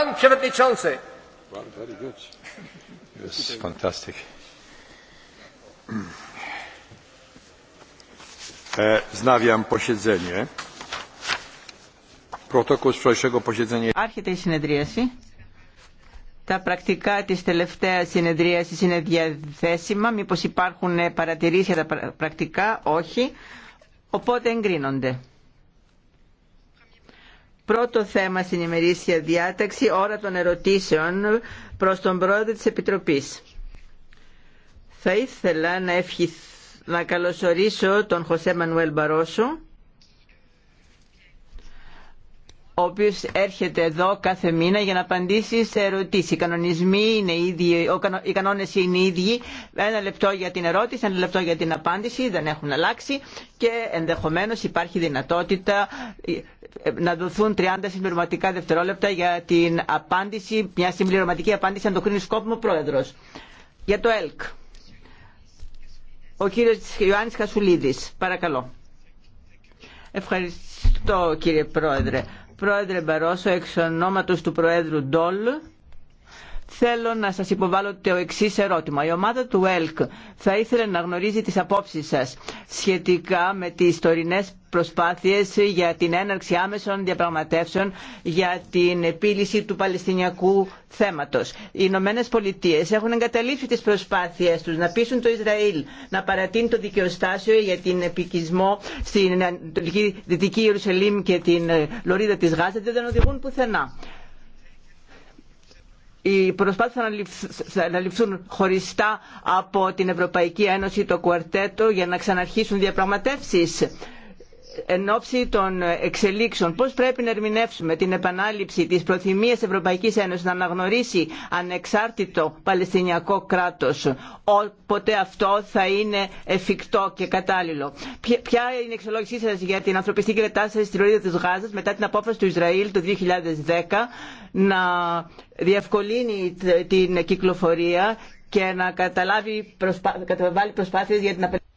E, Άρχεται η συνεδρίαση. Τα πρακτικά τη τελευταία συνεδρίαση είναι διαθέσιμα. Μήπω υπάρχουν παρατηρήσει για τα πρακτικά. Όχι. Οπότε εγκρίνονται πρώτο θέμα στην ημερήσια διάταξη, ώρα των ερωτήσεων προς τον πρόεδρο της Επιτροπής. Θα ήθελα να, να καλωσορίσω τον Χωσέ Μανουέλ Μπαρόσο, ο οποίος έρχεται εδώ κάθε μήνα για να απαντήσει σε ερωτήσεις. Οι κανονισμοί είναι ίδιοι, οι κανόνες είναι ίδιοι. Ένα λεπτό για την ερώτηση, ένα λεπτό για την απάντηση, δεν έχουν αλλάξει και ενδεχομένως υπάρχει δυνατότητα ε, ε, να δοθούν 30 συμπληρωματικά δευτερόλεπτα για την απάντηση, μια συμπληρωματική απάντηση αν το κρίνει σκόπιμο πρόεδρος. Για το ΕΛΚ. Ο κύριος Ιωάννης Χασουλίδης. Παρακαλώ. Ευχαριστώ κύριε Πρόεδρε. Πρόεδρε Μπαρόσο, εξ ονόματος του Προέδρου Ντόλ, Θέλω να σας υποβάλω το εξή ερώτημα. Η ομάδα του ΕΛΚ θα ήθελε να γνωρίζει τις απόψεις σας σχετικά με τις τωρινές προσπάθειες για την έναρξη άμεσων διαπραγματεύσεων για την επίλυση του Παλαιστινιακού θέματος. Οι Ηνωμένε Πολιτείε έχουν εγκαταλείψει τις προσπάθειες τους να πείσουν το Ισραήλ να παρατείνει το δικαιοστάσιο για την επικισμό στην Δυτική Ιερουσαλήμ και την Λωρίδα της Γάζα δεν οδηγούν πουθενά οι προσπάθειες να αναλυφθούν χωριστά από την Ευρωπαϊκή Ένωση το κουαρτέτο για να ξαναρχίσουν διαπραγματεύσεις εν ώψη των εξελίξεων πώς πρέπει να ερμηνεύσουμε την επανάληψη της προθυμίας Ευρωπαϊκής Ένωσης να αναγνωρίσει ανεξάρτητο Παλαιστινιακό κράτος όποτε αυτό θα είναι εφικτό και κατάλληλο. Ποια είναι η εξολόγησή σας για την ανθρωπιστική κατάσταση στη Ρωρίδα της Γάζας μετά την απόφαση του Ισραήλ το 2010 να διευκολύνει την κυκλοφορία και να καταλάβει προσπά... καταβάλει προσπάθειες για την απελευθέρωση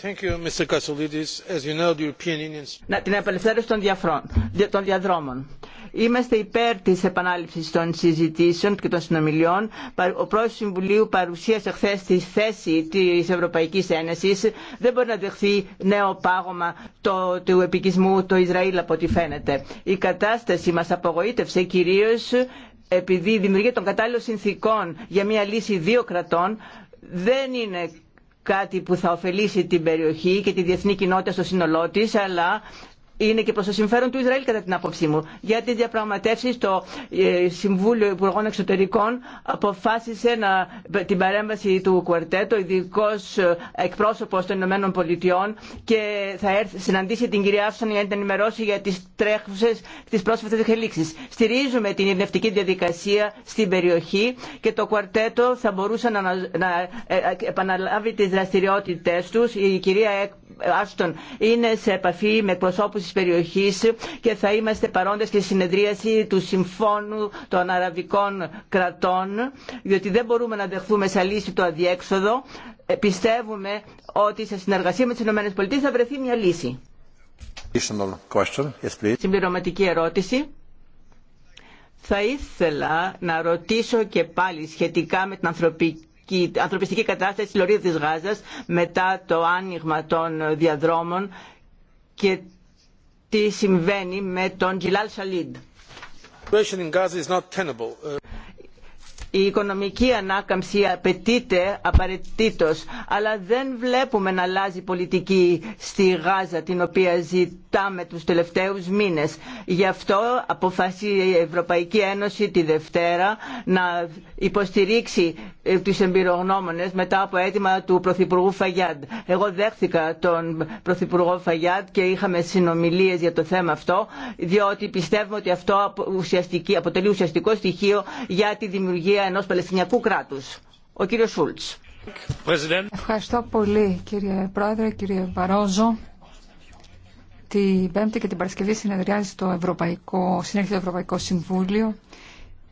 Thank As you know, the European Union... την απελευθέρωση των, διαδρόμων. Είμαστε υπέρ τη επανάληψη των συζητήσεων και των συνομιλιών. Ο πρόεδρο του Συμβουλίου παρουσίασε χθε τη θέση τη Ευρωπαϊκή Ένωση. Δεν μπορεί να δεχθεί νέο πάγωμα το, του επικισμού το Ισραήλ από ό,τι φαίνεται. Η κατάσταση μα απογοήτευσε κυρίω επειδή δημιουργεί των κατάλληλων συνθήκων για μια λύση δύο κρατών δεν είναι κάτι που θα ωφελήσει την περιοχή και τη διεθνή κοινότητα στο σύνολό τη, αλλά είναι και προ το συμφέρον του Ισραήλ κατά την άποψή μου. Για τι διαπραγματεύσει, το ε, Συμβούλιο Υπουργών Εξωτερικών αποφάσισε να, την παρέμβαση του Κουαρτέτο, ειδικό ε, εκπρόσωπο των Ηνωμένων Πολιτειών και θα συναντήσει την κυρία Άφσον για να την ενημερώσει για τι τρέχουσε, τι πρόσφατε εξελίξει. Στηρίζουμε την ειρηνευτική διαδικασία στην περιοχή και το Κουαρτέτο θα μπορούσε να, να ε, επαναλάβει τι δραστηριότητέ του. Η κυρία Άστον είναι σε επαφή με εκπροσώπου της περιοχής και θα είμαστε παρόντες στη συνεδρίαση του Συμφώνου των Αραβικών Κρατών διότι δεν μπορούμε να δεχθούμε σαν λύση το αδιέξοδο. Ε, πιστεύουμε ότι σε συνεργασία με τις ΗΠΑ θα βρεθεί μια λύση. Yes, Συμπληρωματική ερώτηση. Θα ήθελα να ρωτήσω και πάλι σχετικά με την ανθρωπική ανθρωπιστική κατάσταση της Λωρίδα της Γάζας μετά το άνοιγμα των διαδρόμων και τι συμβαίνει με τον Τζιλάλ Σαλίντ η οικονομική ανάκαμψη απαιτείται απαραίτητο, αλλά δεν βλέπουμε να αλλάζει πολιτική στη Γάζα την οποία ζητάμε τους τελευταίους μήνες. Γι' αυτό αποφασίζει η Ευρωπαϊκή Ένωση τη Δευτέρα να υποστηρίξει ε, τους εμπειρογνώμονες μετά από αίτημα του Πρωθυπουργού Φαγιάντ. Εγώ δέχθηκα τον Πρωθυπουργό Φαγιάντ και είχαμε συνομιλίες για το θέμα αυτό, διότι πιστεύουμε ότι αυτό αποτελεί ουσιαστικό στοιχείο για τη δημιουργία ενός Παλαιστινιακού κράτους. Ο κύριος Σούλτς. Ευχαριστώ πολύ κύριε Πρόεδρε, κύριε Βαρόζο. Την Πέμπτη και την Παρασκευή συνεδριάζει το Ευρωπαϊκό, Ευρωπαϊκό Συμβούλιο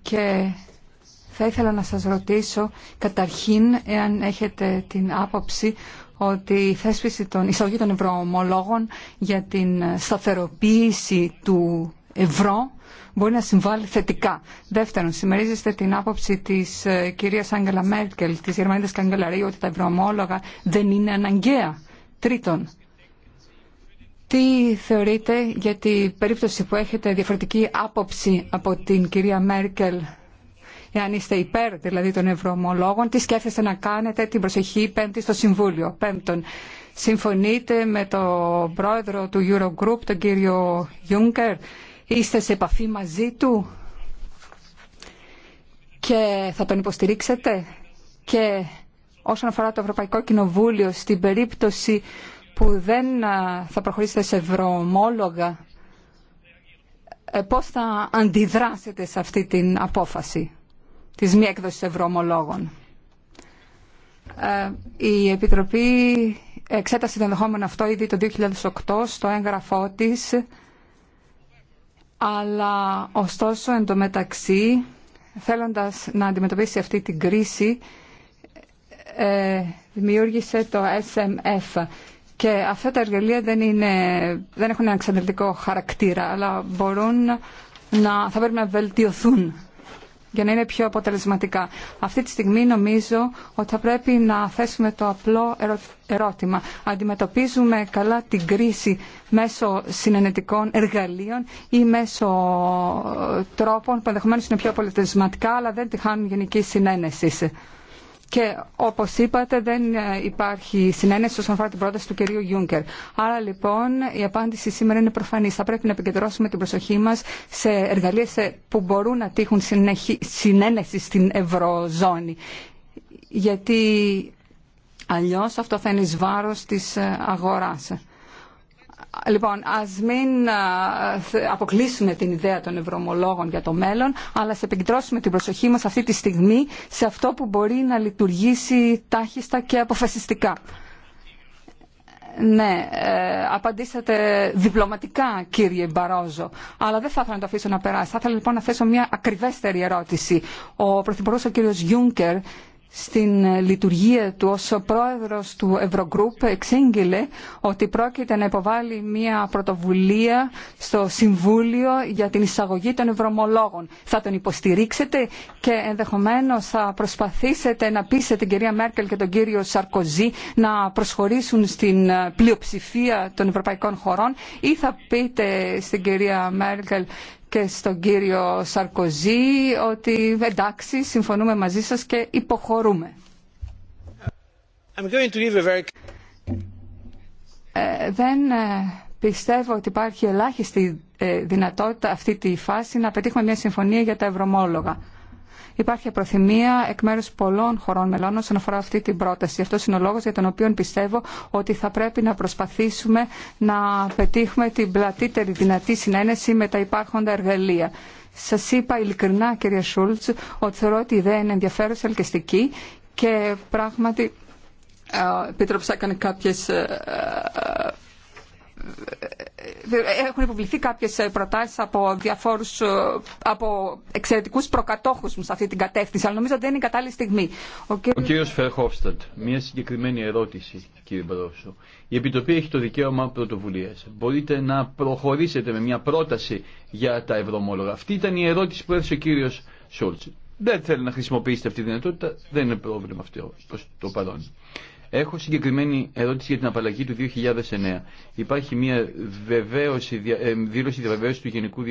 και θα ήθελα να σας ρωτήσω καταρχήν εάν έχετε την άποψη ότι η θέσπιση των εισαγωγή των ευρωομολόγων για την σταθεροποίηση του ευρώ μπορεί να συμβάλλει θετικά. Δεύτερον, συμμερίζεστε την άποψη τη ε, κυρία Άγγελα Μέρκελ, τη Γερμανίδα Καγκελαρίου, ότι τα ευρωομόλογα δεν είναι αναγκαία. Τρίτον, τι θεωρείτε για την περίπτωση που έχετε διαφορετική άποψη από την κυρία Μέρκελ, εάν είστε υπέρ δηλαδή των ευρωομολόγων, τι σκέφτεστε να κάνετε την προσεχή Πέμπτη στο Συμβούλιο. Πέμπτον, συμφωνείτε με τον πρόεδρο του Eurogroup, τον κύριο Juncker, Είστε σε επαφή μαζί του και θα τον υποστηρίξετε. Και όσον αφορά το Ευρωπαϊκό Κοινοβούλιο, στην περίπτωση που δεν θα προχωρήσετε σε ευρωομόλογα, ε, πώς θα αντιδράσετε σε αυτή την απόφαση της μη έκδοσης ευρωομολόγων. Ε, η Επιτροπή εξέτασε το ενδεχόμενο αυτό ήδη το 2008 στο έγγραφό της αλλά ωστόσο εντωμεταξύ θέλοντας να αντιμετωπίσει αυτή την κρίση ε, δημιούργησε το SMF και αυτά τα εργαλεία δεν, είναι, δεν έχουν ένα εξαντλητικό χαρακτήρα αλλά μπορούν να, θα πρέπει να βελτιωθούν για να είναι πιο αποτελεσματικά. Αυτή τη στιγμή νομίζω ότι θα πρέπει να θέσουμε το απλό ερώτημα. Αντιμετωπίζουμε καλά την κρίση μέσω συνενετικών εργαλείων ή μέσω ε, τρόπων που ενδεχομένω είναι πιο αποτελεσματικά αλλά δεν τη χάνουν γενική συνένεση. Και όπω είπατε δεν υπάρχει συνένεση όσον αφορά την πρόταση του κυρίου Γιούγκερ. Άρα λοιπόν η απάντηση σήμερα είναι προφανής. Θα πρέπει να επικεντρώσουμε την προσοχή μας σε εργαλεία που μπορούν να τύχουν συνένεση στην Ευρωζώνη. Γιατί αλλιώς αυτό θα είναι ει βάρο της ε, αγοράς. Λοιπόν, ας μην ε, αποκλείσουμε την ιδέα των ευρωομολόγων για το μέλλον, αλλά σε επικεντρώσουμε την προσοχή μας αυτή τη στιγμή σε αυτό που μπορεί να λειτουργήσει τάχιστα και αποφασιστικά. Ναι, ε, απαντήσατε διπλωματικά κύριε Μπαρόζο, αλλά δεν θα ήθελα να το αφήσω να περάσει. Θα ήθελα λοιπόν να θέσω μια ακριβέστερη ερώτηση. Ο Πρωθυπουργός ο κύριος Γιούγκερ στην λειτουργία του ως ο πρόεδρος του Ευρωγκρουπ εξήγηλε ότι πρόκειται να υποβάλει μια πρωτοβουλία στο Συμβούλιο για την εισαγωγή των ευρωμολόγων. Θα τον υποστηρίξετε και ενδεχομένως θα προσπαθήσετε να πείσετε την κυρία Μέρκελ και τον κύριο Σαρκοζή να προσχωρήσουν στην πλειοψηφία των ευρωπαϊκών χωρών ή θα πείτε στην κυρία Μέρκελ και στον κύριο Σαρκοζή ότι εντάξει, συμφωνούμε μαζί σας και υποχωρούμε. Ε, δεν ε, πιστεύω ότι υπάρχει ελάχιστη ε, δυνατότητα αυτή τη φάση να πετύχουμε μια συμφωνία για τα ευρωμόλογα. Υπάρχει προθυμία εκ μέρου πολλών χωρών μελών όσον αφορά αυτή την πρόταση. Αυτό είναι ο λόγο για τον οποίο πιστεύω ότι θα πρέπει να προσπαθήσουμε να πετύχουμε την πλατύτερη δυνατή συνένεση με τα υπάρχοντα εργαλεία. Σα είπα ειλικρινά, κύριε Σούλτ, ότι θεωρώ ότι η ιδέα είναι ενδιαφέρουσα, ελκυστική και πράγματι. επίτροψά έκανε κάποιες ε, ε, έχουν υποβληθεί κάποιες ε, προτάσεις από, διαφόρους, ε, από εξαιρετικούς προκατόχους μου σε αυτή την κατεύθυνση, αλλά νομίζω ότι δεν είναι η κατάλληλη στιγμή. Ο, κύρι... Ο κύριος Φερχόφστατ, μια συγκεκριμένη ερώτηση κύριε Μπαρόσο. Η Επιτροπή έχει το δικαίωμα πρωτοβουλία. Μπορείτε να προχωρήσετε με μια πρόταση για τα ευρωμόλογα. Αυτή ήταν η ερώτηση που έθεσε ο κύριο Σόλτ. Δεν θέλει να χρησιμοποιήσετε αυτή τη δυνατότητα. Δεν είναι πρόβλημα αυτό προ το παρόν. Έχω συγκεκριμένη ερώτηση για την απαλλαγή του 2009. Υπάρχει μια βεβαίωση, ε, δήλωση διαβεβαίωση του Γενικού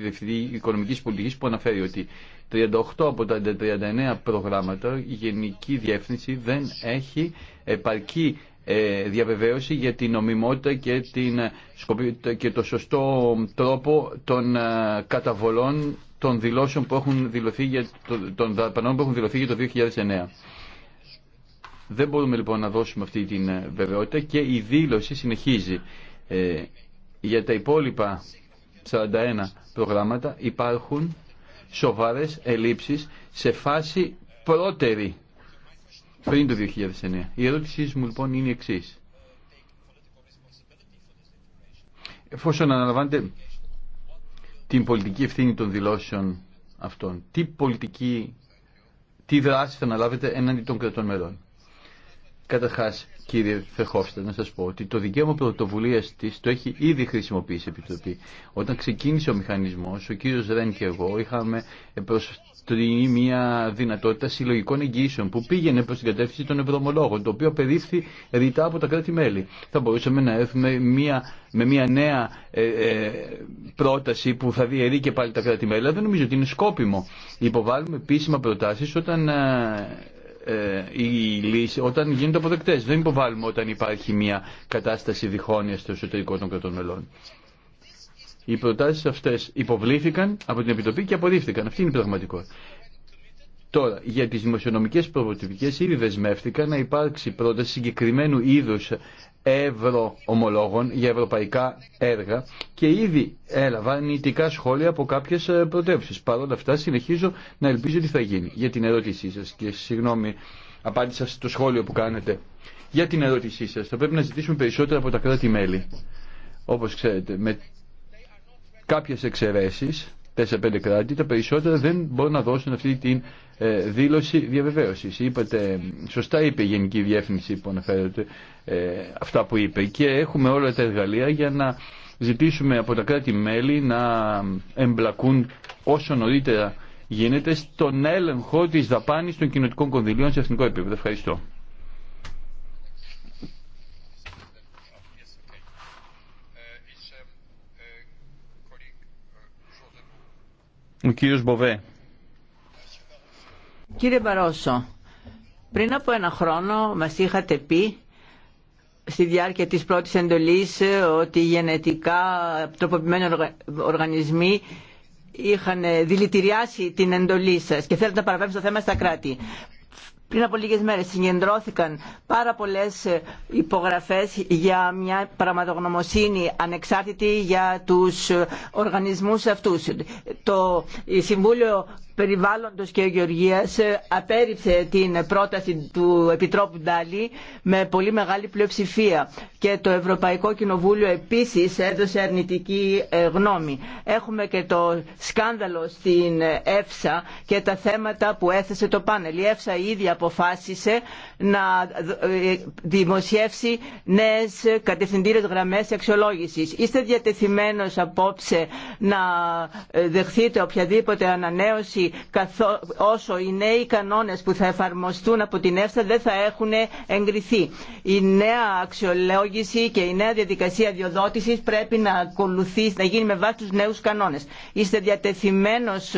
Διευθυντή Οικονομικής Πολιτικής που αναφέρει ότι 38 από τα 39 προγράμματα η Γενική Διεύθυνση δεν έχει επαρκή ε, διαβεβαίωση για την νομιμότητα και, την, ε, το σωστό τρόπο των καταβολών των δηλώσεων που έχουν δηλωθεί για, των δαπανών που έχουν δηλωθεί για το 2009. Δεν μπορούμε λοιπόν να δώσουμε αυτή την ε, βεβαιότητα και η δήλωση συνεχίζει. Ε, για τα υπόλοιπα 41 προγράμματα υπάρχουν σοβαρές ελλείψεις σε φάση πρώτερη πριν το 2009. Η ερώτησή μου λοιπόν είναι η εξής. Εφόσον αναλαμβάνετε την πολιτική ευθύνη των δηλώσεων αυτών, τι πολιτική, τι δράση θα αναλάβετε έναντι των κρατών μερών. Καταρχά, κύριε Φεχόφστα, να σα πω ότι το δικαίωμα πρωτοβουλία τη το έχει ήδη χρησιμοποιήσει η Επιτροπή. Όταν ξεκίνησε ο μηχανισμό, ο κύριο Ρεν και εγώ είχαμε προστρινή μια δυνατότητα συλλογικών εγγύσεων που πήγαινε προ την κατεύθυνση των ευρωομολόγων το οποίο απερίφθη ρητά από τα κράτη-μέλη. Θα μπορούσαμε να έρθουμε μια, με μια νέα ε, ε, πρόταση που θα διαιρεί και πάλι τα κράτη-μέλη, αλλά δεν νομίζω ότι είναι σκόπιμο. Υποβάλλουμε επίσημα προτάσει όταν. Ε, ε, η λύση όταν γίνονται αποδεκτές. Δεν υποβάλλουμε όταν υπάρχει μια κατάσταση διχόνοια στο εσωτερικό των κρατών μελών. Οι προτάσεις αυτές υποβλήθηκαν από την Επιτροπή και απορρίφθηκαν. Αυτή είναι η πραγματικότητα. Τώρα, για τις δημοσιονομικές προοπτικές ήδη δεσμεύτηκα να υπάρξει πρόταση συγκεκριμένου είδους ευρωομολόγων για ευρωπαϊκά έργα και ήδη έλαβα νητικά σχόλια από κάποιες ε, πρωτεύουσες. Παρ' όλα αυτά συνεχίζω να ελπίζω ότι θα γίνει. Για την ερώτησή σας και συγγνώμη απάντησα στο σχόλιο που κάνετε. Για την ερώτησή σας θα πρέπει να ζητήσουμε περισσότερα από τα κράτη-μέλη. Όπως ξέρετε, με κάποιες εξαιρέσεις 4-5 κράτη, τα περισσότερα δεν μπορούν να δώσουν αυτή τη ε, δήλωση διαβεβαίωση. Είπατε, σωστά είπε η Γενική Διεύθυνση που αναφέρεται ε, αυτά που είπε και έχουμε όλα τα εργαλεία για να ζητήσουμε από τα κράτη-μέλη να εμπλακούν όσο νωρίτερα γίνεται στον έλεγχο της δαπάνης των κοινωτικών κονδυλίων σε εθνικό επίπεδο. Ευχαριστώ. Ο Μποβέ. Κύριε Μπαρόσο, πριν από ένα χρόνο μας είχατε πει στη διάρκεια της πρώτης εντολής ότι οι γενετικά τροποποιημένοι οργανισμοί είχαν δηλητηριάσει την εντολή σας και θέλετε να παραπέμψετε το θέμα στα κράτη. Πριν από λίγες μέρες συγκεντρώθηκαν πάρα πολλές ε, υπογραφές για μια πραγματογνωμοσύνη ανεξάρτητη για τους ε, οργανισμούς αυτούς. Το Συμβούλιο Περιβάλλοντος και Γεωργίας ε, απέριψε την πρόταση του Επιτρόπου Ντάλι με πολύ μεγάλη πλειοψηφία και το Ευρωπαϊκό Κοινοβούλιο επίσης έδωσε αρνητική ε, γνώμη. Έχουμε και το σκάνδαλο στην ΕΦΣΑ και τα θέματα που έθεσε το πάνελ. Η ΕΦΣΑ ήδη αποφάσισε να ε, δημοσιεύσει νέες κατευθυντήρες γραμμές αξιολόγησης. Είστε διατεθειμένος απόψε να δεχθείτε οποιαδήποτε ανανέωση καθό, όσο οι νέοι κανόνες που θα εφαρμοστούν από την ΕΦΣΑ δεν θα έχουν εγκριθεί. Η νέα αξιολόγηση και η νέα διαδικασία διοδότησης πρέπει να ακολουθεί, να γίνει με βάση τους νέους κανόνες. Είστε διατεθειμένος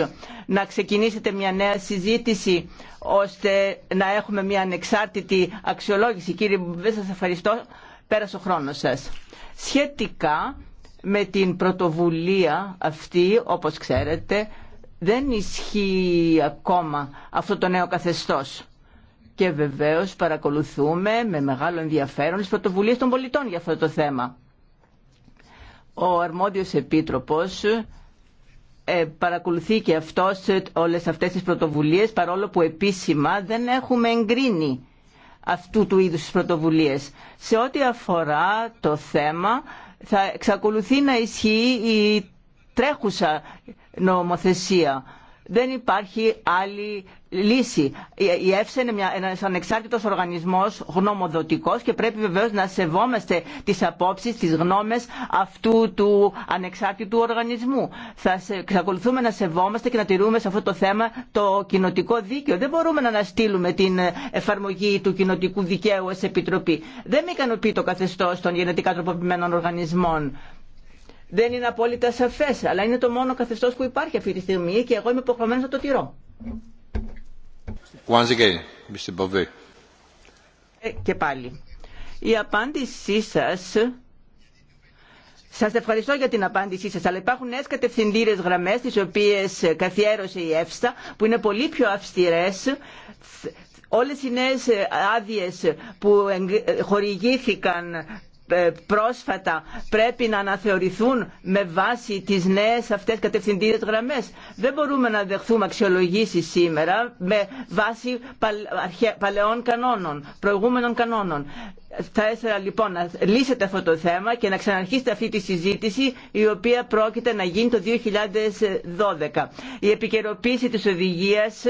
να ξεκινήσετε μια νέα συζήτηση ώστε να έχουμε μια ανεξάρτητη αξιολόγηση. Κύριε Μπουβέ, σας ευχαριστώ. Πέρασε ο χρόνος σας. Σχετικά με την πρωτοβουλία αυτή, όπως ξέρετε, δεν ισχύει ακόμα αυτό το νέο καθεστώς. Και βεβαίως παρακολουθούμε με μεγάλο ενδιαφέρον τις πρωτοβουλίες των πολιτών για αυτό το θέμα. Ο αρμόδιος επίτροπος ε, παρακολουθεί και αυτός ε, όλες αυτές τις πρωτοβουλίες παρόλο που επίσημα δεν έχουμε εγκρίνει αυτού του είδους τις πρωτοβουλίες. Σε ό,τι αφορά το θέμα θα εξακολουθεί να ισχύει η τρέχουσα νομοθεσία. Δεν υπάρχει άλλη λύση. Η ΕΦΣΕ είναι μια, ένας ανεξάρτητος οργανισμός γνωμοδοτικός και πρέπει βεβαίως να σεβόμαστε τις απόψεις, τις γνώμες αυτού του ανεξάρτητου οργανισμού. Θα σε, να σεβόμαστε και να τηρούμε σε αυτό το θέμα το κοινοτικό δίκαιο. Δεν μπορούμε να αναστείλουμε την εφαρμογή του κοινοτικού δικαίου σε επιτροπή. Δεν με ικανοποιεί το καθεστώς των γενετικά τροποποιημένων οργανισμών δεν είναι απόλυτα σαφέ, αλλά είναι το μόνο καθεστώ που υπάρχει αυτή τη στιγμή και εγώ είμαι υποχρεωμένο να το τηρώ. Once again, Mr. και πάλι. Η απάντησή σας... Σας ευχαριστώ για την απάντησή σας, αλλά υπάρχουν νέε κατευθυντήρε γραμμές, τις οποίες καθιέρωσε η ΕΦΣΤΑ, που είναι πολύ πιο αυστηρέ. Όλε οι νέε άδειε που χορηγήθηκαν ε, πρόσφατα πρέπει να αναθεωρηθούν με βάση τις νέες αυτές κατευθυντήριες γραμμές. Δεν μπορούμε να δεχθούμε αξιολογήσει σήμερα με βάση παλαιών κανόνων, προηγούμενων κανόνων. Θα ήθελα λοιπόν να λύσετε αυτό το θέμα και να ξαναρχίσετε αυτή τη συζήτηση η οποία πρόκειται να γίνει το 2012. Η επικαιροποίηση της οδηγίας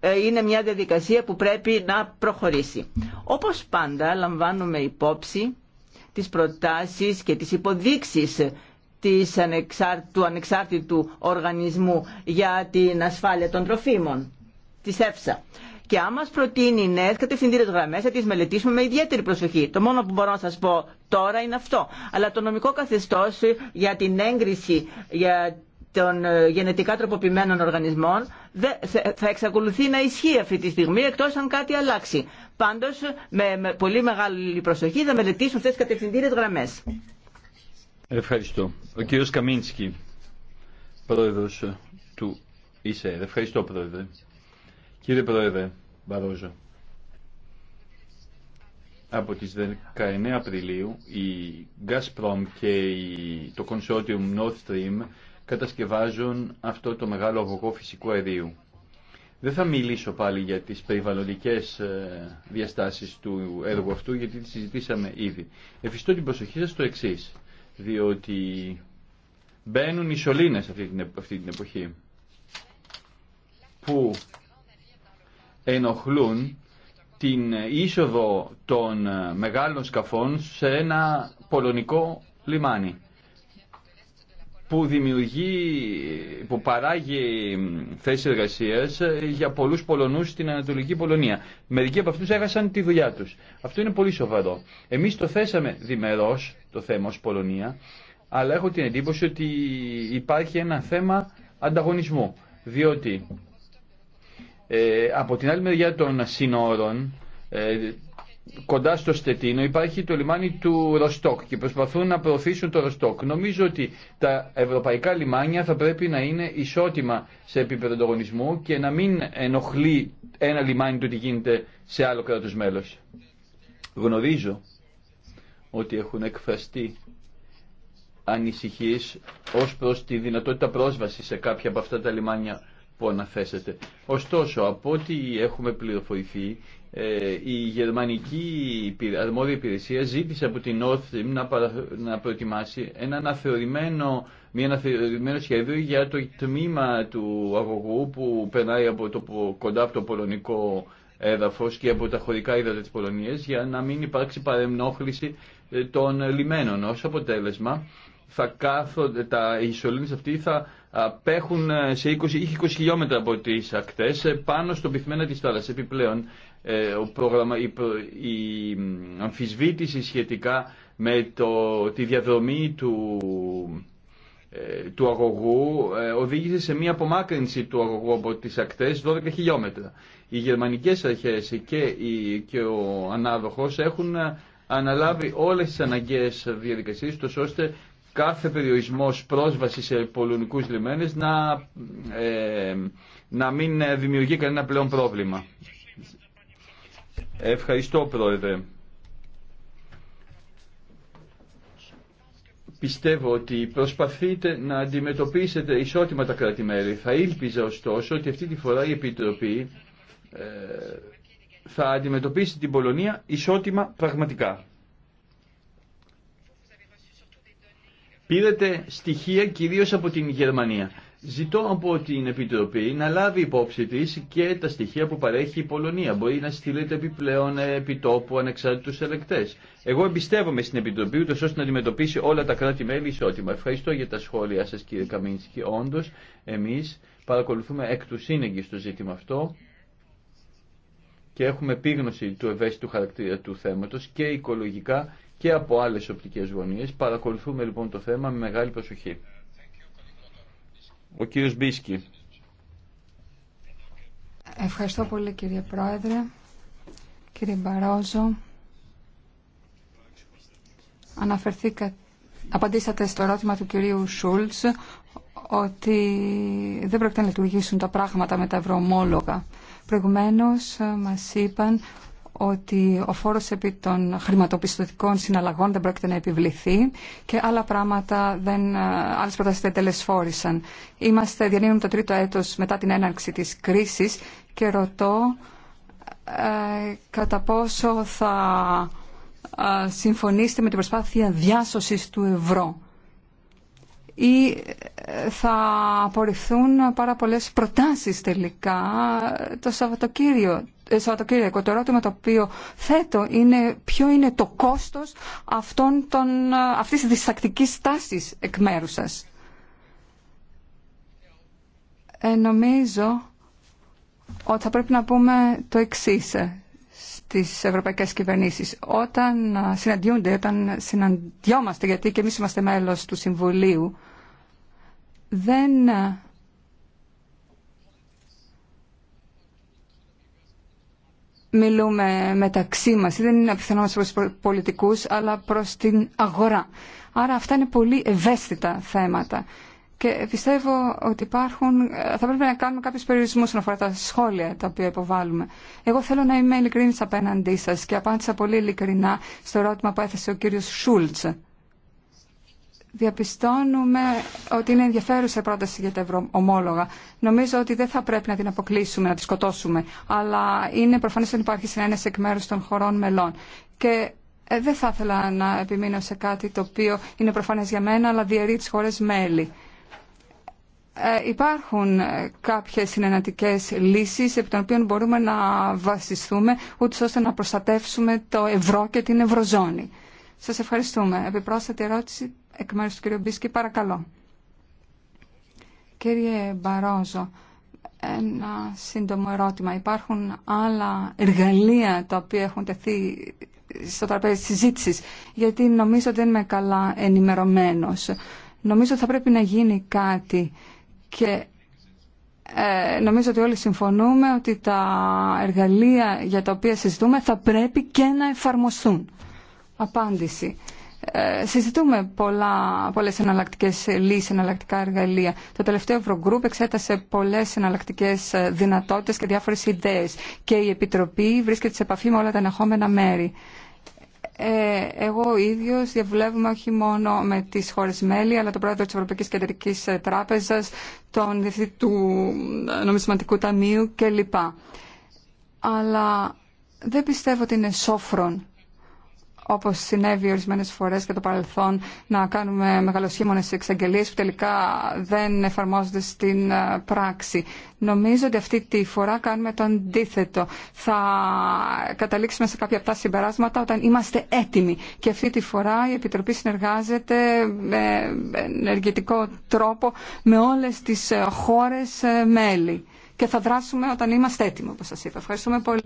ε, είναι μια διαδικασία που πρέπει να προχωρήσει. Όπως πάντα λαμβάνουμε υπόψη τις προτάσεις και τις υποδείξεις της του ανεξάρτητου οργανισμού για την ασφάλεια των τροφίμων, της ΕΦΣΑ. Και αν μα προτείνει νέε κατευθυντήρε γραμμέ, θα τι μελετήσουμε με ιδιαίτερη προσοχή. Το μόνο που μπορώ να σα πω τώρα είναι αυτό. Αλλά το νομικό καθεστώ για την έγκριση για των ε, γενετικά τροποποιημένων οργανισμών θα εξακολουθεί να ισχύει αυτή τη στιγμή εκτός αν κάτι αλλάξει. Πάντως με πολύ μεγάλη προσοχή θα μελετήσουν αυτές τις κατευθυντήρες γραμμές. Ευχαριστώ. Ο κύριος Καμίνσκι, πρόεδρος του ΙΣΕΡ. Ευχαριστώ πρόεδρε. Κύριε πρόεδρε Μπαρόζο, από τις 19 Απριλίου η Gazprom και το Consortium Nord Stream κατασκευάζουν αυτό το μεγάλο αγωγό φυσικού αερίου. Δεν θα μιλήσω πάλι για τις περιβαλλοντικές ε, διαστάσεις του έργου αυτού, γιατί τις συζητήσαμε ήδη. Εφιστώ την προσοχή σας στο εξή, διότι μπαίνουν οι σωλήνες αυτή την εποχή, που ενοχλούν την είσοδο των ε, μεγάλων σκαφών σε ένα πολωνικό λιμάνι που δημιουργεί, που παράγει θέσεις εργασία ε, για πολλούς Πολωνούς στην Ανατολική Πολωνία. Μερικοί από αυτού έχασαν τη δουλειά τους. Αυτό είναι πολύ σοβαρό. Εμείς το θέσαμε διμερώς το θέμα ω Πολωνία, αλλά έχω την εντύπωση ότι υπάρχει ένα θέμα ανταγωνισμού. Διότι ε, από την άλλη μεριά των συνόρων ε, κοντά στο Στετίνο υπάρχει το λιμάνι του Ροστόκ και προσπαθούν να προωθήσουν το Ροστόκ. Νομίζω ότι τα ευρωπαϊκά λιμάνια θα πρέπει να είναι ισότιμα σε επίπεδο ανταγωνισμού και να μην ενοχλεί ένα λιμάνι του ότι γίνεται σε άλλο κράτος μέλος. Γνωρίζω ότι έχουν εκφραστεί ανησυχίες ως προς τη δυνατότητα πρόσβασης σε κάποια από αυτά τα λιμάνια που αναθέσετε. Ωστόσο, από ό,τι έχουμε πληροφορηθεί, ε, η γερμανική αρμόδια υπηρεσία ζήτησε από την Northrim να, να προετοιμάσει ένα αναθεωρημένο, μια αναθεωρημένο σχέδιο για το τμήμα του αγωγού που περνάει από το, κοντά από το πολωνικό έδαφος και από τα χωρικά είδατα της Πολωνίας για να μην υπάρξει παρεμνόχληση ε, των λιμένων. Ως αποτέλεσμα θα κάθονται, τα ισολίνε αυτοί θα απέχουν ε, σε 20 ή 20 χιλιόμετρα από τις ακτές ε, πάνω στον πυθμένα της θάλασσας. Επιπλέον, ε, ο πρόγραμμα, η, η αμφισβήτηση σχετικά με το, τη διαδρομή του, του αγωγού οδήγησε σε μία απομάκρυνση του αγωγού από τις ακτές 12 χιλιόμετρα. Οι γερμανικές αρχές και, και ο ανάδοχος έχουν αναλάβει όλες τις αναγκαίες διαδικασίες τόσο ώστε κάθε περιορισμός πρόσβασης σε πολωνικούς λιμένες να, ε, να μην δημιουργεί κανένα πλέον πρόβλημα. Ευχαριστώ Πρόεδρε. Πιστεύω ότι προσπαθείτε να αντιμετωπίσετε ισότιμα τα κρατη Θα ήλπιζα ωστόσο ότι αυτή τη φορά η Επιτροπή ε, θα αντιμετωπίσει την Πολωνία ισότιμα πραγματικά. Πήρατε στοιχεία κυρίως από την Γερμανία. Ζητώ από την Επιτροπή να λάβει υπόψη τη και τα στοιχεία που παρέχει η Πολωνία. Μπορεί να στείλετε επιπλέον επιτόπου ανεξάρτητου ελεκτέ. Εγώ εμπιστεύομαι στην Επιτροπή ούτω ώστε να αντιμετωπίσει όλα τα κράτη-μέλη ισότιμα. Ευχαριστώ για τα σχόλιά σα κύριε Καμίνσκι. Όντω, εμεί παρακολουθούμε εκ του σύνεγγυ στο ζήτημα αυτό και έχουμε επίγνωση του ευαίσθητου χαρακτήρα του θέματο και οικολογικά και από άλλες οπτικές γωνίες. Παρακολουθούμε λοιπόν το θέμα με μεγάλη προσοχή. Ο κύριος Μπίσκι. Ευχαριστώ πολύ κύριε Πρόεδρε, κύριε Μπαρόζο. Αναφερθήκατε, απαντήσατε στο ερώτημα του κυρίου Σούλτς ότι δεν πρόκειται να λειτουργήσουν τα πράγματα με τα ευρωομόλογα. Προηγουμένως ε, μας είπαν ότι ο φόρος επί των χρηματοπιστωτικών συναλλαγών δεν πρόκειται να επιβληθεί και άλλα πράγματα, δεν, ε, άλλες προτάσεις δεν τελεσφόρησαν. Είμαστε, διανύουμε το τρίτο έτος μετά την έναρξη της κρίσης και ρωτώ ε, κατά πόσο θα ε, συμφωνήσετε με την προσπάθεια διάσωσης του ευρώ ή θα απορριφθούν πάρα πολλές προτάσεις τελικά το Σαββατοκύριο Σαββατοκύριακο. Το ερώτημα το οποίο θέτω είναι ποιο είναι το κόστος αυτών των, αυτής της διστακτικής τάσης εκ μέρου σας. Ε, νομίζω ότι θα πρέπει να πούμε το εξή ε, στις ευρωπαϊκές κυβερνήσεις. Όταν ε, συναντιούνται, όταν συναντιόμαστε, γιατί και εμείς είμαστε μέλος του Συμβουλίου, δεν μιλούμε μεταξύ μας. Δεν είναι μας προς πολιτικούς, αλλά προς την αγορά. Άρα αυτά είναι πολύ ευαίσθητα θέματα. Και πιστεύω ότι υπάρχουν, θα πρέπει να κάνουμε κάποιους περιορισμούς όσον αφορά τα σχόλια τα οποία υποβάλλουμε. Εγώ θέλω να είμαι ειλικρινής απέναντί σας και απάντησα πολύ ειλικρινά στο ερώτημα που έθεσε ο κύριος Σούλτς διαπιστώνουμε ότι είναι ενδιαφέρουσα πρόταση για τα ευρωομόλογα. Νομίζω ότι δεν θα πρέπει να την αποκλείσουμε, να τη σκοτώσουμε, αλλά είναι προφανέ ότι υπάρχει συνένεση εκ μέρου των χωρών μελών. Και ε, δεν θα ήθελα να επιμείνω σε κάτι το οποίο είναι προφανέ για μένα, αλλά διαιρεί τι χώρε μέλη. Ε, υπάρχουν ε, κάποιες συνενατικές λύσεις επί των οποίων μπορούμε να βασιστούμε ούτως ώστε να προστατεύσουμε το ευρώ και την ευρωζώνη. Σας ευχαριστούμε. Επιπρόσθετη ερώτηση εκ μέρους του κ. Μπίσκη, παρακαλώ. Κύριε Μπαρόζο, ένα σύντομο ερώτημα. Υπάρχουν άλλα εργαλεία τα οποία έχουν τεθεί στο τραπέζι της συζήτησης, γιατί νομίζω ότι δεν είμαι καλά ενημερωμένος. Νομίζω ότι θα πρέπει να γίνει κάτι και ε, νομίζω ότι όλοι συμφωνούμε ότι τα εργαλεία για τα οποία συζητούμε θα πρέπει και να εφαρμοστούν απάντηση. Ε, συζητούμε πολλά, πολλές εναλλακτικές λύσεις, εναλλακτικά εργαλεία. Το τελευταίο Ευρωγκρουπ εξέτασε πολλές εναλλακτικές ε, δυνατότητες και διάφορες ιδέες και η Επιτροπή βρίσκεται σε επαφή με όλα τα ενεχόμενα μέρη. Ε, εγώ ίδιος διαβουλεύομαι όχι μόνο με τις χώρες μέλη, αλλά τον πρόεδρο της Ευρωπαϊκής Κεντρικής ε, Τράπεζας, τον διευθυντή του ε, Νομισματικού Ταμείου κλπ. Αλλά δεν πιστεύω ότι είναι σόφρον όπως συνέβη ορισμένες φορές και το παρελθόν να κάνουμε μεγαλοσχήμονες εξαγγελίες που τελικά δεν εφαρμόζονται στην ε, πράξη. Νομίζω ότι αυτή τη φορά κάνουμε το αντίθετο. Θα καταλήξουμε σε κάποια από τα συμπεράσματα όταν είμαστε έτοιμοι. Και αυτή τη φορά η Επιτροπή συνεργάζεται με ενεργητικό τρόπο με όλες τις ε, χώρες ε, μέλη. Και θα δράσουμε όταν είμαστε έτοιμοι, όπως σας είπα. Ευχαριστούμε πολύ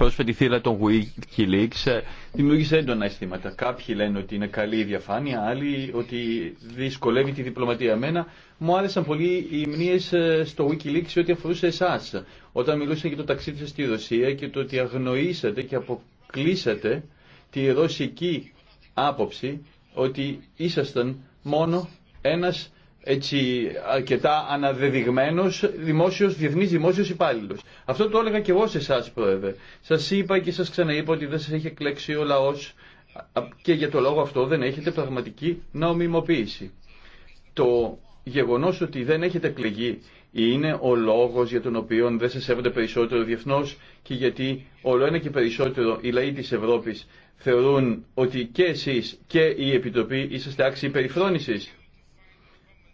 πρόσφατη θύλα των Wikileaks ε, δημιούργησε έντονα αισθήματα. Κάποιοι λένε ότι είναι καλή η διαφάνεια, άλλοι ότι δυσκολεύει τη διπλωματία. Μένα μου άρεσαν πολύ οι μνήε ε, στο Wikileaks ό,τι αφορούσε εσά. Όταν μιλούσε για το ταξίδι σα στη Ρωσία και το ότι αγνοήσατε και αποκλείσατε τη ρωσική άποψη ότι ήσασταν μόνο ένας έτσι αρκετά αναδεδειγμένο, δημόσιο, διεθνής δημόσιος υπάλληλο. Αυτό το έλεγα και εγώ σε εσά, Πρόεδρε. Σα είπα και σα ξαναείπα ότι δεν σα έχει εκλέξει ο λαό και για το λόγο αυτό δεν έχετε πραγματική νομιμοποίηση. Το γεγονό ότι δεν έχετε εκλεγεί είναι ο λόγο για τον οποίο δεν σε σέβονται περισσότερο διεθνώ και γιατί όλο ένα και περισσότερο οι λαοί της Ευρώπης θεωρούν ότι και εσεί και η Επιτροπή είσαστε άξιοι περιφρόνησης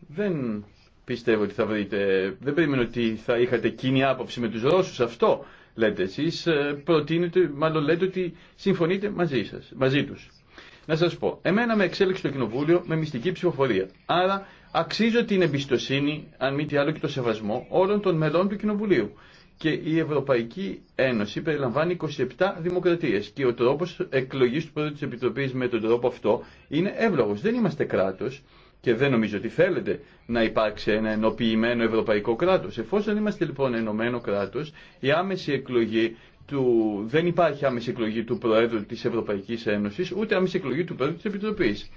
δεν πιστεύω ότι θα βρείτε, δεν περίμενω ότι θα είχατε κοινή άποψη με τους Ρώσους, αυτό λέτε εσείς, ε, προτείνετε, μάλλον λέτε ότι συμφωνείτε μαζί σας, μαζί τους. Να σας πω, εμένα με εξέλιξε το Κοινοβούλιο με μυστική ψηφοφορία. Άρα αξίζω την εμπιστοσύνη, αν μη τι άλλο και το σεβασμό, όλων των μελών του Κοινοβουλίου. Και η Ευρωπαϊκή Ένωση περιλαμβάνει 27 δημοκρατίες και ο τρόπο εκλογής του Πρόεδρου τη Επιτροπή με τον τρόπο αυτό είναι εύλογο. Δεν είμαστε κράτο και δεν νομίζω ότι θέλετε να υπάρξει ένα ενοποιημένο ευρωπαϊκό κράτος. Εφόσον είμαστε λοιπόν ενωμένο κράτος, η άμεση εκλογή του, δεν υπάρχει άμεση εκλογή του Προέδρου της Ευρωπαϊκής Ένωσης, ούτε άμεση εκλογή του Προέδρου της Επιτροπής.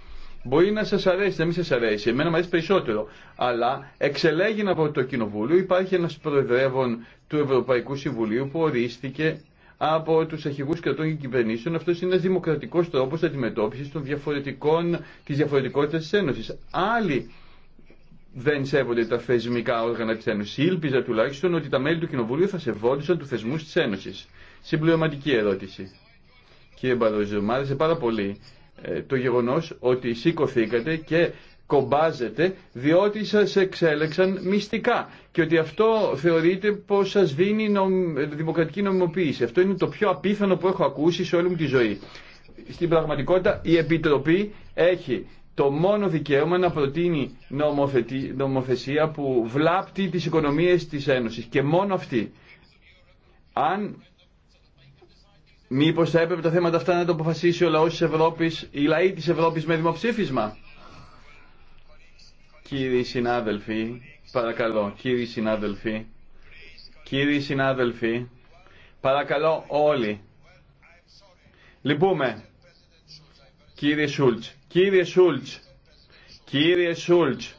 Μπορεί να σας αρέσει, να μην σας αρέσει, εμένα μου αρέσει περισσότερο, αλλά εξελέγει από το Κοινοβούλιο υπάρχει ένας προεδρεύων του Ευρωπαϊκού Συμβουλίου που ορίστηκε από του αρχηγού κρατών και κυβερνήσεων. Αυτός είναι ένα δημοκρατικός τρόπο αντιμετώπιση των διαφορετικών, τη Ένωση. Άλλοι δεν σέβονται τα θεσμικά όργανα τη Ένωση. Ήλπιζα τουλάχιστον ότι τα μέλη του Κοινοβουλίου θα σεβόντουσαν του θεσμού της Ένωσης. Συμπληρωματική ερώτηση. Κύριε Μπαρόζο, μου άρεσε πάρα πολύ ε, το γεγονό ότι σήκωθήκατε και κομπάζετε διότι σας εξέλεξαν μυστικά και ότι αυτό θεωρείται πως σας δίνει νομ... δημοκρατική νομιμοποίηση. Αυτό είναι το πιο απίθανο που έχω ακούσει σε όλη μου τη ζωή. Στην πραγματικότητα η Επιτροπή έχει το μόνο δικαίωμα να προτείνει νομοθεσία που βλάπτει τις οικονομίες της Ένωσης και μόνο αυτή. Αν μήπως θα έπρεπε τα θέματα αυτά να το αποφασίσει ο λαός της Ευρώπης, οι λαοί της Ευρώπης με δημοψήφισμα. Κύριοι συνάδελφοι, παρακαλώ, κύριοι συνάδελφοι, κύριοι συνάδελφοι, παρακαλώ όλοι. Λυπούμε. Κύριε Σούλτς, κύριε Σούλτς, κύριε Σούλτς,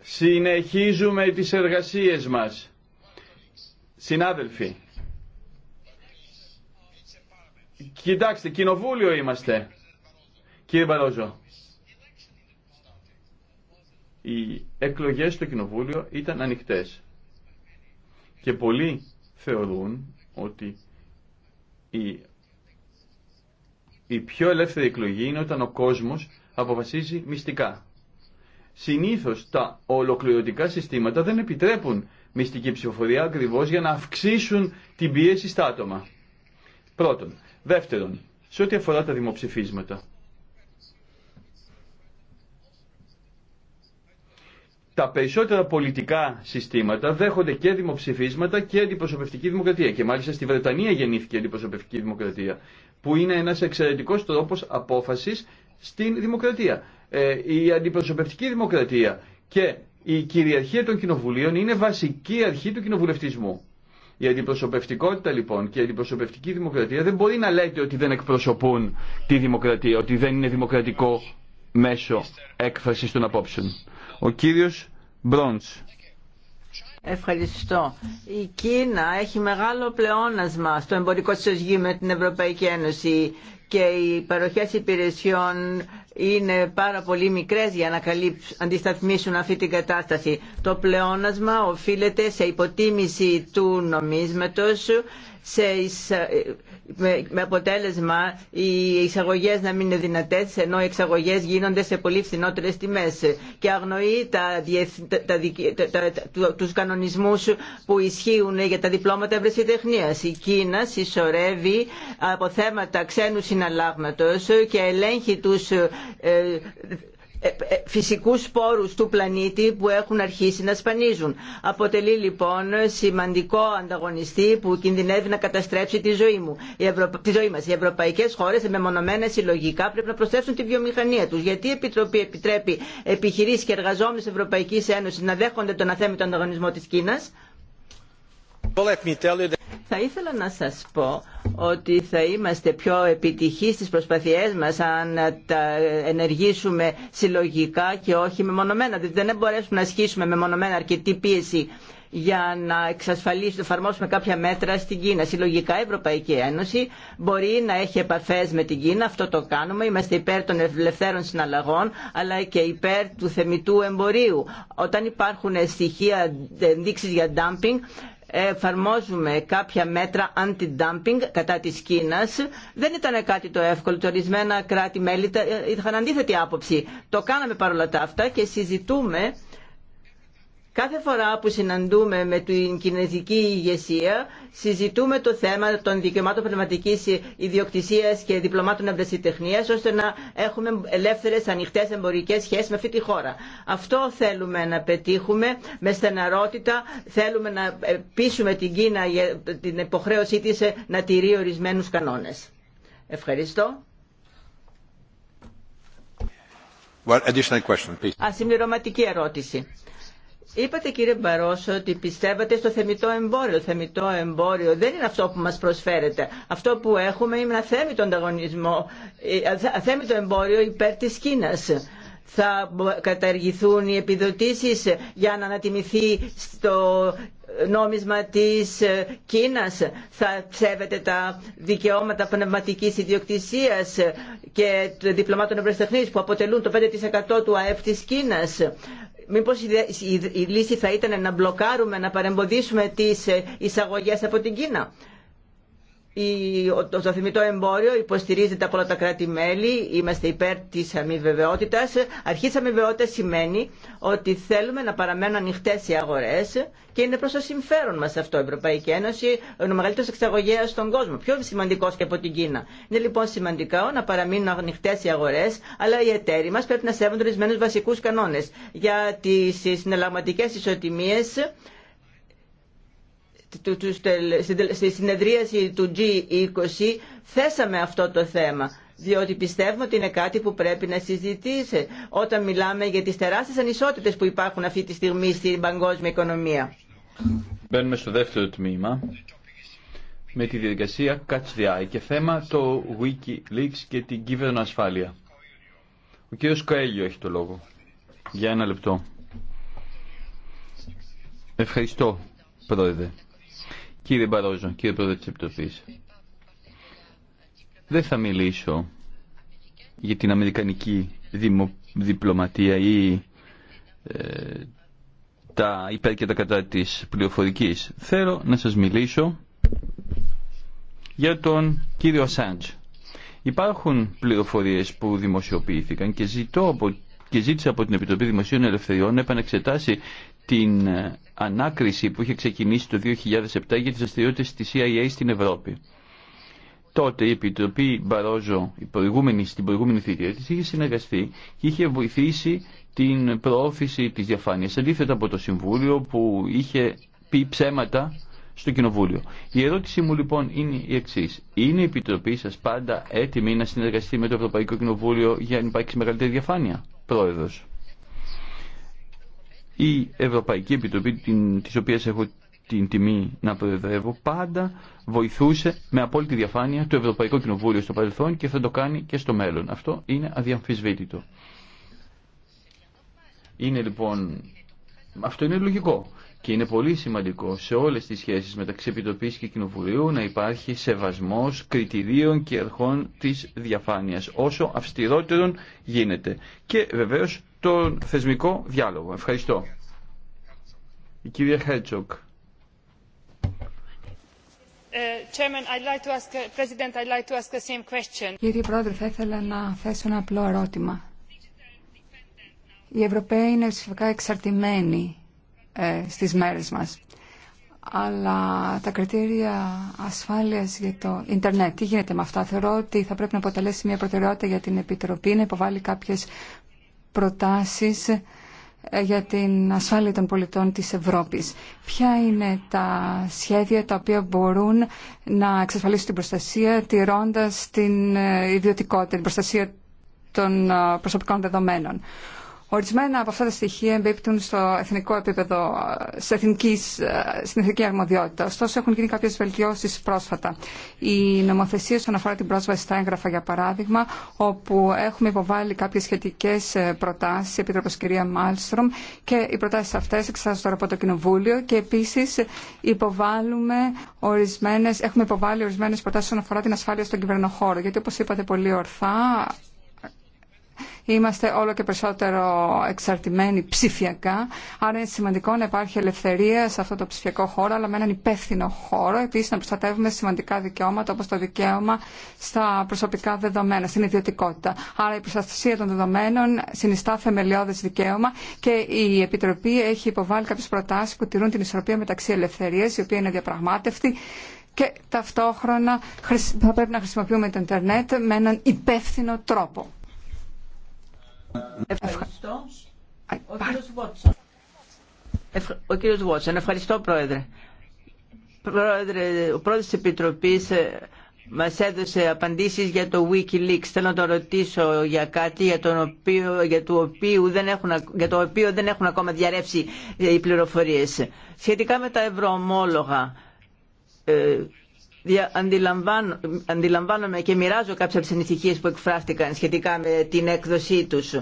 συνεχίζουμε τις εργασίες μας. Συνάδελφοι, κοιτάξτε, κοινοβούλιο είμαστε. Κύριε Μπαρόζο οι εκλογές στο Κοινοβούλιο ήταν ανοιχτές. Και πολλοί θεωρούν ότι η, πιο ελεύθερη εκλογή είναι όταν ο κόσμος αποφασίζει μυστικά. Συνήθως τα ολοκληρωτικά συστήματα δεν επιτρέπουν μυστική ψηφοφορία ακριβώς για να αυξήσουν την πίεση στα άτομα. Πρώτον. Δεύτερον, σε ό,τι αφορά τα δημοψηφίσματα. τα περισσότερα πολιτικά συστήματα δέχονται και δημοψηφίσματα και αντιπροσωπευτική δημοκρατία. Και μάλιστα στη Βρετανία γεννήθηκε η αντιπροσωπευτική δημοκρατία, που είναι ένα εξαιρετικό τρόπο απόφαση στην δημοκρατία. Ε, η αντιπροσωπευτική δημοκρατία και η κυριαρχία των κοινοβουλίων είναι βασική αρχή του κοινοβουλευτισμού. Η αντιπροσωπευτικότητα λοιπόν και η αντιπροσωπευτική δημοκρατία δεν μπορεί να λέτε ότι δεν εκπροσωπούν τη δημοκρατία, ότι δεν είναι δημοκρατικό μέσω έκφρασης των απόψεων. Ο κύριος Μπρόντς. Ευχαριστώ. Η Κίνα έχει μεγάλο πλεόνασμα στο εμπορικό της με την Ευρωπαϊκή Ένωση και οι παροχές υπηρεσιών είναι πάρα πολύ μικρές για να αντισταθμίσουν αυτή την κατάσταση. Το πλεόνασμα οφείλεται σε υποτίμηση του νομίσματος, σε με αποτέλεσμα οι εισαγωγέ να μην είναι δυνατέ, ενώ οι εξαγωγές γίνονται σε πολύ φθηνότερε τιμέ. Και αγνοεί τα, τα, τα, του κανονισμού που ισχύουν για τα διπλώματα ευρεσιτεχνία. Η Κίνα συσσωρεύει από θέματα ξένου και ελέγχει τους ε, ε, ε, φυσικούς σπόρους του πλανήτη που έχουν αρχίσει να σπανίζουν. Αποτελεί λοιπόν σημαντικό ανταγωνιστή που κινδυνεύει να καταστρέψει τη ζωή, μου, η Ευρω... τη ζωή μας. Οι ευρωπαϊκές χώρες μεμονωμένα συλλογικά πρέπει να προσθέσουν τη βιομηχανία τους. Γιατί η Επιτροπή επιτρέπει επιχειρήσεις και εργαζόμενους Ευρωπαϊκής Ένωσης να δέχονται τον αθέμητο ανταγωνισμό της Κίνας θα ήθελα να σας πω ότι θα είμαστε πιο επιτυχείς στις προσπαθειές μας αν τα ενεργήσουμε συλλογικά και όχι μεμονωμένα. Δηλαδή δεν μπορέσουμε να ασχίσουμε μεμονωμένα αρκετή πίεση για να εξασφαλίσουμε, εφαρμόσουμε κάποια μέτρα στην Κίνα. Συλλογικά η Ευρωπαϊκή Ένωση μπορεί να έχει επαφέ με την Κίνα, αυτό το κάνουμε. Είμαστε υπέρ των ελευθέρων συναλλαγών, αλλά και υπέρ του θεμητού εμπορίου. Όταν υπάρχουν στοιχεία ενδείξει για ντάμπινγκ, εφαρμόζουμε κάποια μέτρα anti-dumping κατά της Κίνας. Δεν ήταν κάτι το εύκολο. Ορισμένα κράτη-μέλη είχαν αντίθετη άποψη. Το κάναμε παρόλα τα αυτά και συζητούμε Κάθε φορά που συναντούμε με την κινέζικη ηγεσία, συζητούμε το θέμα των δικαιωμάτων πνευματική ιδιοκτησία και διπλωμάτων ευρεσιτεχνία, ώστε να έχουμε ελεύθερε ανοιχτέ εμπορικέ σχέσει με αυτή τη χώρα. Αυτό θέλουμε να πετύχουμε με στεναρότητα. Θέλουμε να πείσουμε την Κίνα για την υποχρέωσή τη να τηρεί ορισμένου κανόνε. Ευχαριστώ. Well, ερώτηση. Είπατε κύριε Μπαρόσο ότι πιστεύατε στο θεμητό εμπόριο. Το θεμητό εμπόριο δεν είναι αυτό που μας προσφέρεται. Αυτό που έχουμε είναι αθέμητο ανταγωνισμό, ε, αθέμητο εμπόριο υπέρ της Κίνας. Θα καταργηθούν οι επιδοτήσεις για να ανατιμηθεί στο νόμισμα της ε, Κίνας. Θα ψεύεται τα δικαιώματα πνευματικής ιδιοκτησίας και διπλωμάτων ευρεσιτεχνής που αποτελούν το 5% του ΑΕΠ της Κίνας. Μήπω η λύση θα ήταν να μπλοκάρουμε, να παρεμποδίσουμε τις ε, εισαγωγέ από την Κίνα το ζωθυμητό εμπόριο υποστηρίζεται από όλα τα κράτη-μέλη, είμαστε υπέρ της αμοιβεβαιότητας. Αρχή της σημαίνει ότι θέλουμε να παραμένουν ανοιχτέ οι αγορέ και είναι προ το συμφέρον μα αυτό. Η Ευρωπαϊκή Ένωση ο μεγαλύτερο εξαγωγέα στον κόσμο, πιο σημαντικό και από την Κίνα. Είναι λοιπόν σημαντικό να παραμείνουν ανοιχτέ οι αγορέ, αλλά οι εταίροι μα πρέπει να σέβονται ορισμένου βασικού κανόνε για τι συναλλαγματικέ ισοτιμίε στη συνεδρίαση του G20 θέσαμε αυτό το θέμα διότι πιστεύουμε ότι είναι κάτι που πρέπει να συζητήσει όταν μιλάμε για τις τεράστιες ανισότητες που υπάρχουν αυτή τη στιγμή στην παγκόσμια οικονομία. Μπαίνουμε στο δεύτερο τμήμα με τη διαδικασία Catch the Eye και θέμα το Wikileaks και την κύβερνο ασφάλεια. Ο κύριος Καέλιο έχει το λόγο. Για ένα λεπτό. Ευχαριστώ, πρόεδρε. Κύριε Μπαρόζο, κύριε Πρόεδρε της Επιτροπής, δεν θα μιλήσω για την αμερικανική διπλωματία ή ε, τα υπέρ και τα κατά της πληροφορικής. Θέλω να σας μιλήσω για τον κύριο Ασάντζ. Υπάρχουν πληροφορίες που δημοσιοποιήθηκαν και, ζητώ από, και ζήτησα από την Επιτροπή Δημοσίων Ελευθεριών να επανεξετάσει την ε, ανάκριση που είχε ξεκινήσει το 2007 για τις δραστηριότητε της CIA στην Ευρώπη. Τότε η Επιτροπή Μπαρόζο, η προηγούμενη, στην προηγούμενη θητεία της, είχε συνεργαστεί και είχε βοηθήσει την προώθηση της διαφάνειας, αντίθετα από το Συμβούλιο που είχε πει ψέματα στο Κοινοβούλιο. Η ερώτησή μου λοιπόν είναι η εξή. Είναι η Επιτροπή σα πάντα έτοιμη να συνεργαστεί με το Ευρωπαϊκό Κοινοβούλιο για να υπάρξει μεγαλύτερη διαφάνεια, Πρόεδρο. Η Ευρωπαϊκή Επιτροπή, την, της οποίας έχω την τιμή να προεδρεύω, πάντα βοηθούσε με απόλυτη διαφάνεια το Ευρωπαϊκό Κοινοβούλιο στο παρελθόν και θα το κάνει και στο μέλλον. Αυτό είναι αδιαμφισβήτητο. Είναι λοιπόν, αυτό είναι λογικό και είναι πολύ σημαντικό σε όλες τις σχέσεις μεταξύ Επιτροπής και Κοινοβουλίου να υπάρχει σεβασμός κριτηρίων και αρχών της διαφάνειας όσο αυστηρότερον γίνεται. Και βεβαίως τον θεσμικό διάλογο. Ευχαριστώ. Η κυρία Χέρτσοκ. Κύριε Πρόεδρε, θα ήθελα να θέσω ένα απλό ερώτημα. Οι Ευρωπαίοι είναι ουσιαστικά εξαρτημένοι ε, στις μέρες μας. Αλλά τα κριτήρια ασφάλειας για το ίντερνετ, τι γίνεται με αυτά. Θεωρώ ότι θα πρέπει να αποτελέσει μια προτεραιότητα για την Επιτροπή να υποβάλει κάποιες προτάσεις ε, για την ασφάλεια των πολιτών της Ευρώπης. Ποια είναι τα σχέδια τα οποία μπορούν να εξασφαλίσουν την προστασία τηρώντας την ε, ιδιωτικότητα, την προστασία των ε, προσωπικών δεδομένων. Ορισμένα από αυτά τα στοιχεία εμπίπτουν στο εθνικό επίπεδο, σε εθνικής, ε, στην εθνική αρμοδιότητα. Ωστόσο, έχουν γίνει κάποιε βελτιώσει πρόσφατα. Η νομοθεσία όσον αφορά την πρόσβαση στα έγγραφα, για παράδειγμα, όπου έχουμε υποβάλει κάποιε σχετικέ ε, προτάσει, η Επίτροπο κυρία Μάλστρομ, και οι προτάσει αυτέ εξετάζονται τώρα από το Κοινοβούλιο και επίση υποβάλλουμε ορισμένες, έχουμε υποβάλει ορισμένε προτάσει όσον αφορά την ασφάλεια στον κυβερνοχώρο. Γιατί, όπω είπατε πολύ ορθά, είμαστε όλο και περισσότερο εξαρτημένοι ψηφιακά, άρα είναι σημαντικό να υπάρχει ελευθερία σε αυτό το ψηφιακό χώρο, αλλά με έναν υπεύθυνο χώρο. επίση να προστατεύουμε σημαντικά δικαιώματα όπω το δικαίωμα στα προσωπικά δεδομένα, στην ιδιωτικότητα. Άρα η προστασία των δεδομένων συνιστά θεμελιώδες δικαίωμα και η Επιτροπή έχει υποβάλει κάποιε προτάσει που τηρούν την ισορροπία μεταξύ ελευθερία, η οποία είναι διαπραγμάτευτη, και ταυτόχρονα θα πρέπει να χρησιμοποιούμε το Ιντερνετ με έναν υπεύθυνο τρόπο. Ο κύριο Βότσον. Ο Ευχαριστώ, Πρόεδρε. Πρόεδρε, ο πρόεδρος της Επιτροπής ε, μας έδωσε απαντήσεις για το Wikileaks. Θέλω να το ρωτήσω για κάτι για, τον οποίο, για, το, οποίο δεν έχουν, για το οποίο δεν έχουν ακόμα διαρρεύσει οι πληροφορίες. Σχετικά με τα ευρωομόλογα, ε, αντιλαμβάνομαι και μοιράζω κάποιες από τις ανησυχίε που εκφράστηκαν σχετικά με την έκδοσή τους.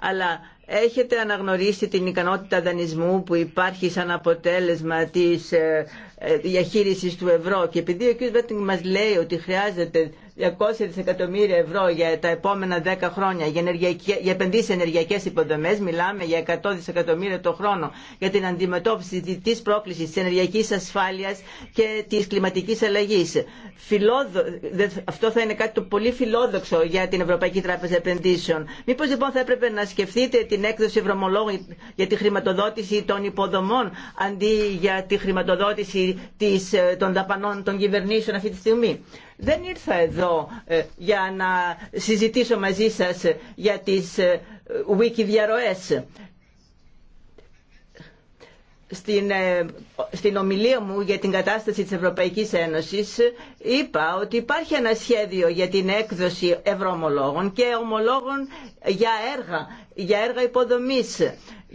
Αλλά έχετε αναγνωρίσει την ικανότητα δανεισμού που υπάρχει σαν αποτέλεσμα της ε, ε, διαχείριση του ευρώ και επειδή ο κ. Βέτινγκ μας λέει ότι χρειάζεται 200 δισεκατομμύρια ευρώ για τα επόμενα 10 χρόνια για, ενεργειακές, για επενδύσεις σε ενεργειακές υποδομές, μιλάμε για 100 δισεκατομμύρια το χρόνο για την αντιμετώπιση τη πρόκληση τη ενεργειακή ασφάλεια και τη κλιματική αλλαγή. Φιλόδο... Αυτό θα είναι κάτι το πολύ φιλόδοξο για την Ευρωπαϊκή Τράπεζα Επενδύσεων. Μήπω λοιπόν θα έπρεπε να σκεφτείτε την έκδοση ευρωμολόγου για τη χρηματοδότηση των υποδομών αντί για τη χρηματοδότηση της, ε, των δαπανών των κυβερνήσεων αυτή τη στιγμή. Δεν ήρθα εδώ ε, για να συζητήσω μαζί σας ε, για τις wiki διαρροές. Στην, στην ομιλία μου για την κατάσταση της Ευρωπαϊκής Ένωσης είπα ότι υπάρχει ένα σχέδιο για την έκδοση ευρωομολόγων και ομολόγων για έργα, για έργα υποδομής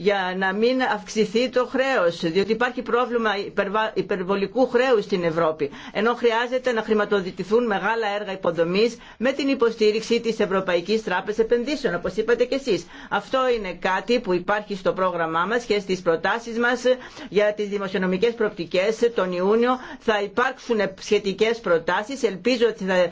για να μην αυξηθεί το χρέος, διότι υπάρχει πρόβλημα υπερβολικού χρέους στην Ευρώπη, ενώ χρειάζεται να χρηματοδοτηθούν μεγάλα έργα υποδομής με την υποστήριξη της Ευρωπαϊκής Τράπεζας Επενδύσεων, όπως είπατε και εσείς. Αυτό είναι κάτι που υπάρχει στο πρόγραμμά μας και στις προτάσεις μας για τις δημοσιονομικές προπτικές τον Ιούνιο. Θα υπάρξουν σχετικές προτάσεις, ελπίζω ότι θα ε,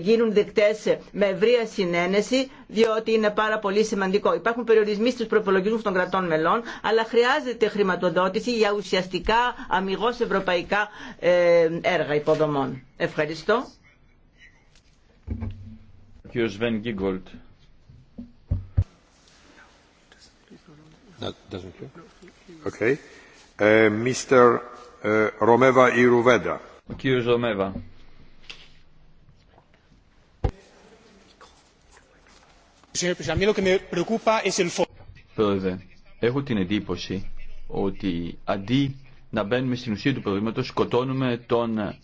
γίνουν δεκτές με ευρεία συνένεση, διότι είναι πάρα πολύ σημαντικό. Υπάρχουν περιορισμοί στους προπολογισμούς των κρατών μελών, αλλά χρειάζεται χρηματοδότηση για ουσιαστικά αμυγό ευρωπαϊκά ε, έργα υποδομών. Ευχαριστώ. Κύριος Βεν Γίγκολτ. Okay. Uh, Mr. Uh, Romeva Iruveda. el κύριος Pero Πρόεδρε, Έχω την εντύπωση ότι αντί να μπαίνουμε στην ουσία του προβλήματος σκοτώνουμε τον ε,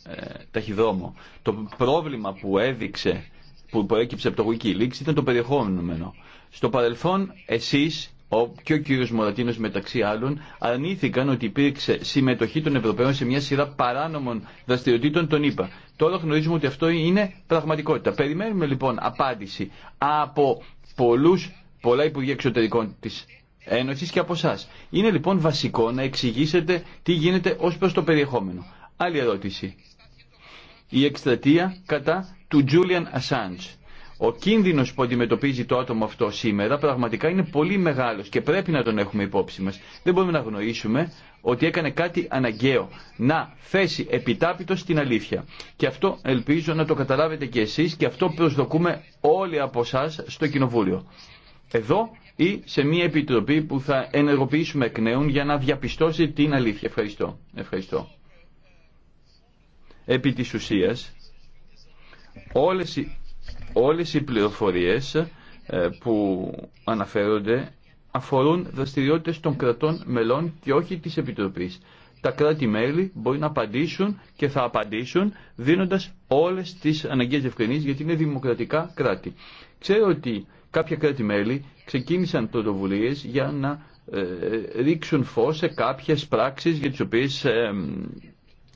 ταχυδρόμο. Το πρόβλημα που έδειξε, που προέκυψε από το Wikileaks ήταν το περιεχόμενο. Στο παρελθόν εσείς ο, και ο κύριος Μωρατίνος μεταξύ άλλων αρνήθηκαν ότι υπήρξε συμμετοχή των Ευρωπαίων σε μια σειρά παράνομων δραστηριοτήτων των ΗΠΑ. Τώρα γνωρίζουμε ότι αυτό είναι πραγματικότητα. Περιμένουμε λοιπόν απάντηση από πολλούς, πολλά Υπουργεία Εξωτερικών της Ένωσης και από εσά. Είναι λοιπόν βασικό να εξηγήσετε τι γίνεται ως προς το περιεχόμενο. Άλλη ερώτηση. Η εκστρατεία κατά του Julian Assange. Ο κίνδυνος που αντιμετωπίζει το άτομο αυτό σήμερα πραγματικά είναι πολύ μεγάλος και πρέπει να τον έχουμε υπόψη μας. Δεν μπορούμε να γνωρίσουμε ότι έκανε κάτι αναγκαίο να θέσει επιτάπητο στην αλήθεια. Και αυτό ελπίζω να το καταλάβετε και εσείς και αυτό προσδοκούμε όλοι από εσά στο Κοινοβούλιο. Εδώ ή σε μια επιτροπή που θα ενεργοποιήσουμε εκ νέου για να διαπιστώσει την αλήθεια. Ευχαριστώ. Ευχαριστώ. Επί της ουσίας, όλες οι, όλες πληροφορίες ε, που αναφέρονται αφορούν δραστηριότητες των κρατών μελών και όχι της Επιτροπής. Τα κράτη-μέλη μπορεί να απαντήσουν και θα απαντήσουν δίνοντας όλες τις αναγκαίες διευκρινήσεις γιατί είναι δημοκρατικά κράτη. Ξέρω ότι κάποια κράτη-μέλη ξεκίνησαν πρωτοβουλίε για να ε, ρίξουν φως σε κάποιε πράξει για τις οποίες ε,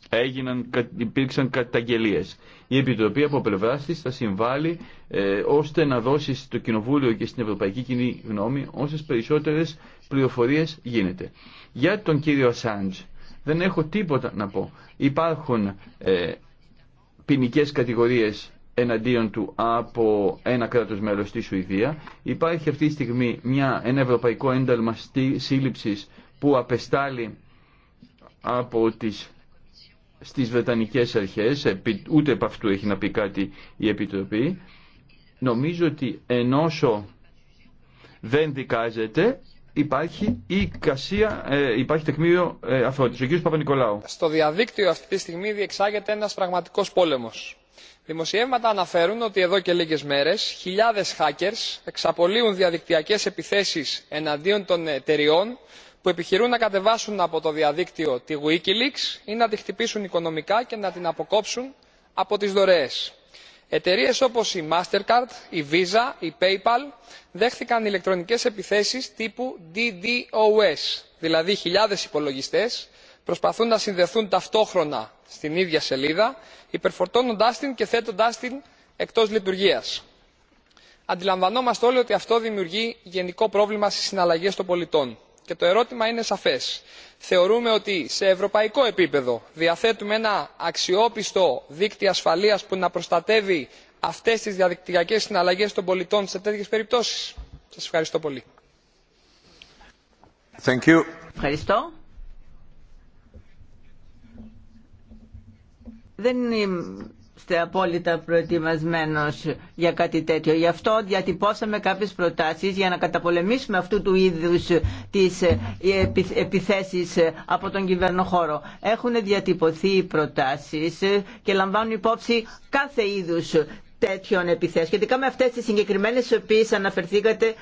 έγιναν, υπήρξαν καταγγελίες. Η Επιτροπή από πλευρά τη θα συμβάλλει ε, ώστε να δώσει στο Κοινοβούλιο και στην Ευρωπαϊκή Κοινή Γνώμη όσε περισσότερες πληροφορίε γίνεται. Για τον κύριο Ασάντζ δεν έχω τίποτα να πω. Υπάρχουν ε, ποινικέ κατηγορίε εναντίον του από ένα κράτος μέλος στη Σουηδία. Υπάρχει αυτή τη στιγμή μια, ένα ευρωπαϊκό ένταλμα σύλληψης που απεστάλλει από τις στις Βρετανικές αρχές, ούτε επ' αυτού έχει να πει κάτι η Επιτροπή, νομίζω ότι ενώσο δεν δικάζεται, υπάρχει η κασία, ε, υπάρχει τεκμήριο ε, Ο κ. παπα Στο διαδίκτυο αυτή τη στιγμή διεξάγεται ένας πραγματικός πόλεμος δημοσιεύματα αναφέρουν ότι εδώ και λίγες μέρες χιλιάδες hackers εξαπολύουν διαδικτυακές επιθέσεις εναντίον των εταιριών που επιχειρούν να κατεβάσουν από το διαδίκτυο τη wikileaks ή να τη χτυπήσουν οικονομικά και να την αποκόψουν από τις δωρεές. εταιρείες όπως η mastercard η visa η paypal δέχθηκαν ηλεκτρονικές επιθέσεις τύπου ddos δηλαδή χιλιάδες υπολογιστές προσπαθούν να συνδεθούν ταυτόχρονα στην ίδια σελίδα υπερφορτώνοντάς την και θέτοντάς την εκτός λειτουργίας. αντιλαμβανόμαστε όλοι ότι αυτό δημιουργεί γενικό πρόβλημα στις συναλλαγές των πολιτών και το ερώτημα είναι σαφές θεωρούμε ότι σε ευρωπαϊκό επίπεδο διαθέτουμε ένα αξιόπιστο δίκτυο ασφαλείας που να προστατεύει αυτές τις διαδικτυακές συναλλαγές των πολιτών σε τέτοιες περιπτώσεις. σας ευχαριστώ πολύ. δεν είστε απόλυτα προετοιμασμένος για κάτι τέτοιο. Γι' αυτό διατυπώσαμε κάποιες προτάσεις για να καταπολεμήσουμε αυτού του είδους τις ε, επιθέσεις ε, από τον κυβερνοχώρο. Έχουν διατυπωθεί οι προτάσεις και λαμβάνουν υπόψη κάθε είδους τέτοιων επιθέσεων. Σχετικά με αυτές τις συγκεκριμένες στις οποίες αναφερθήκατε,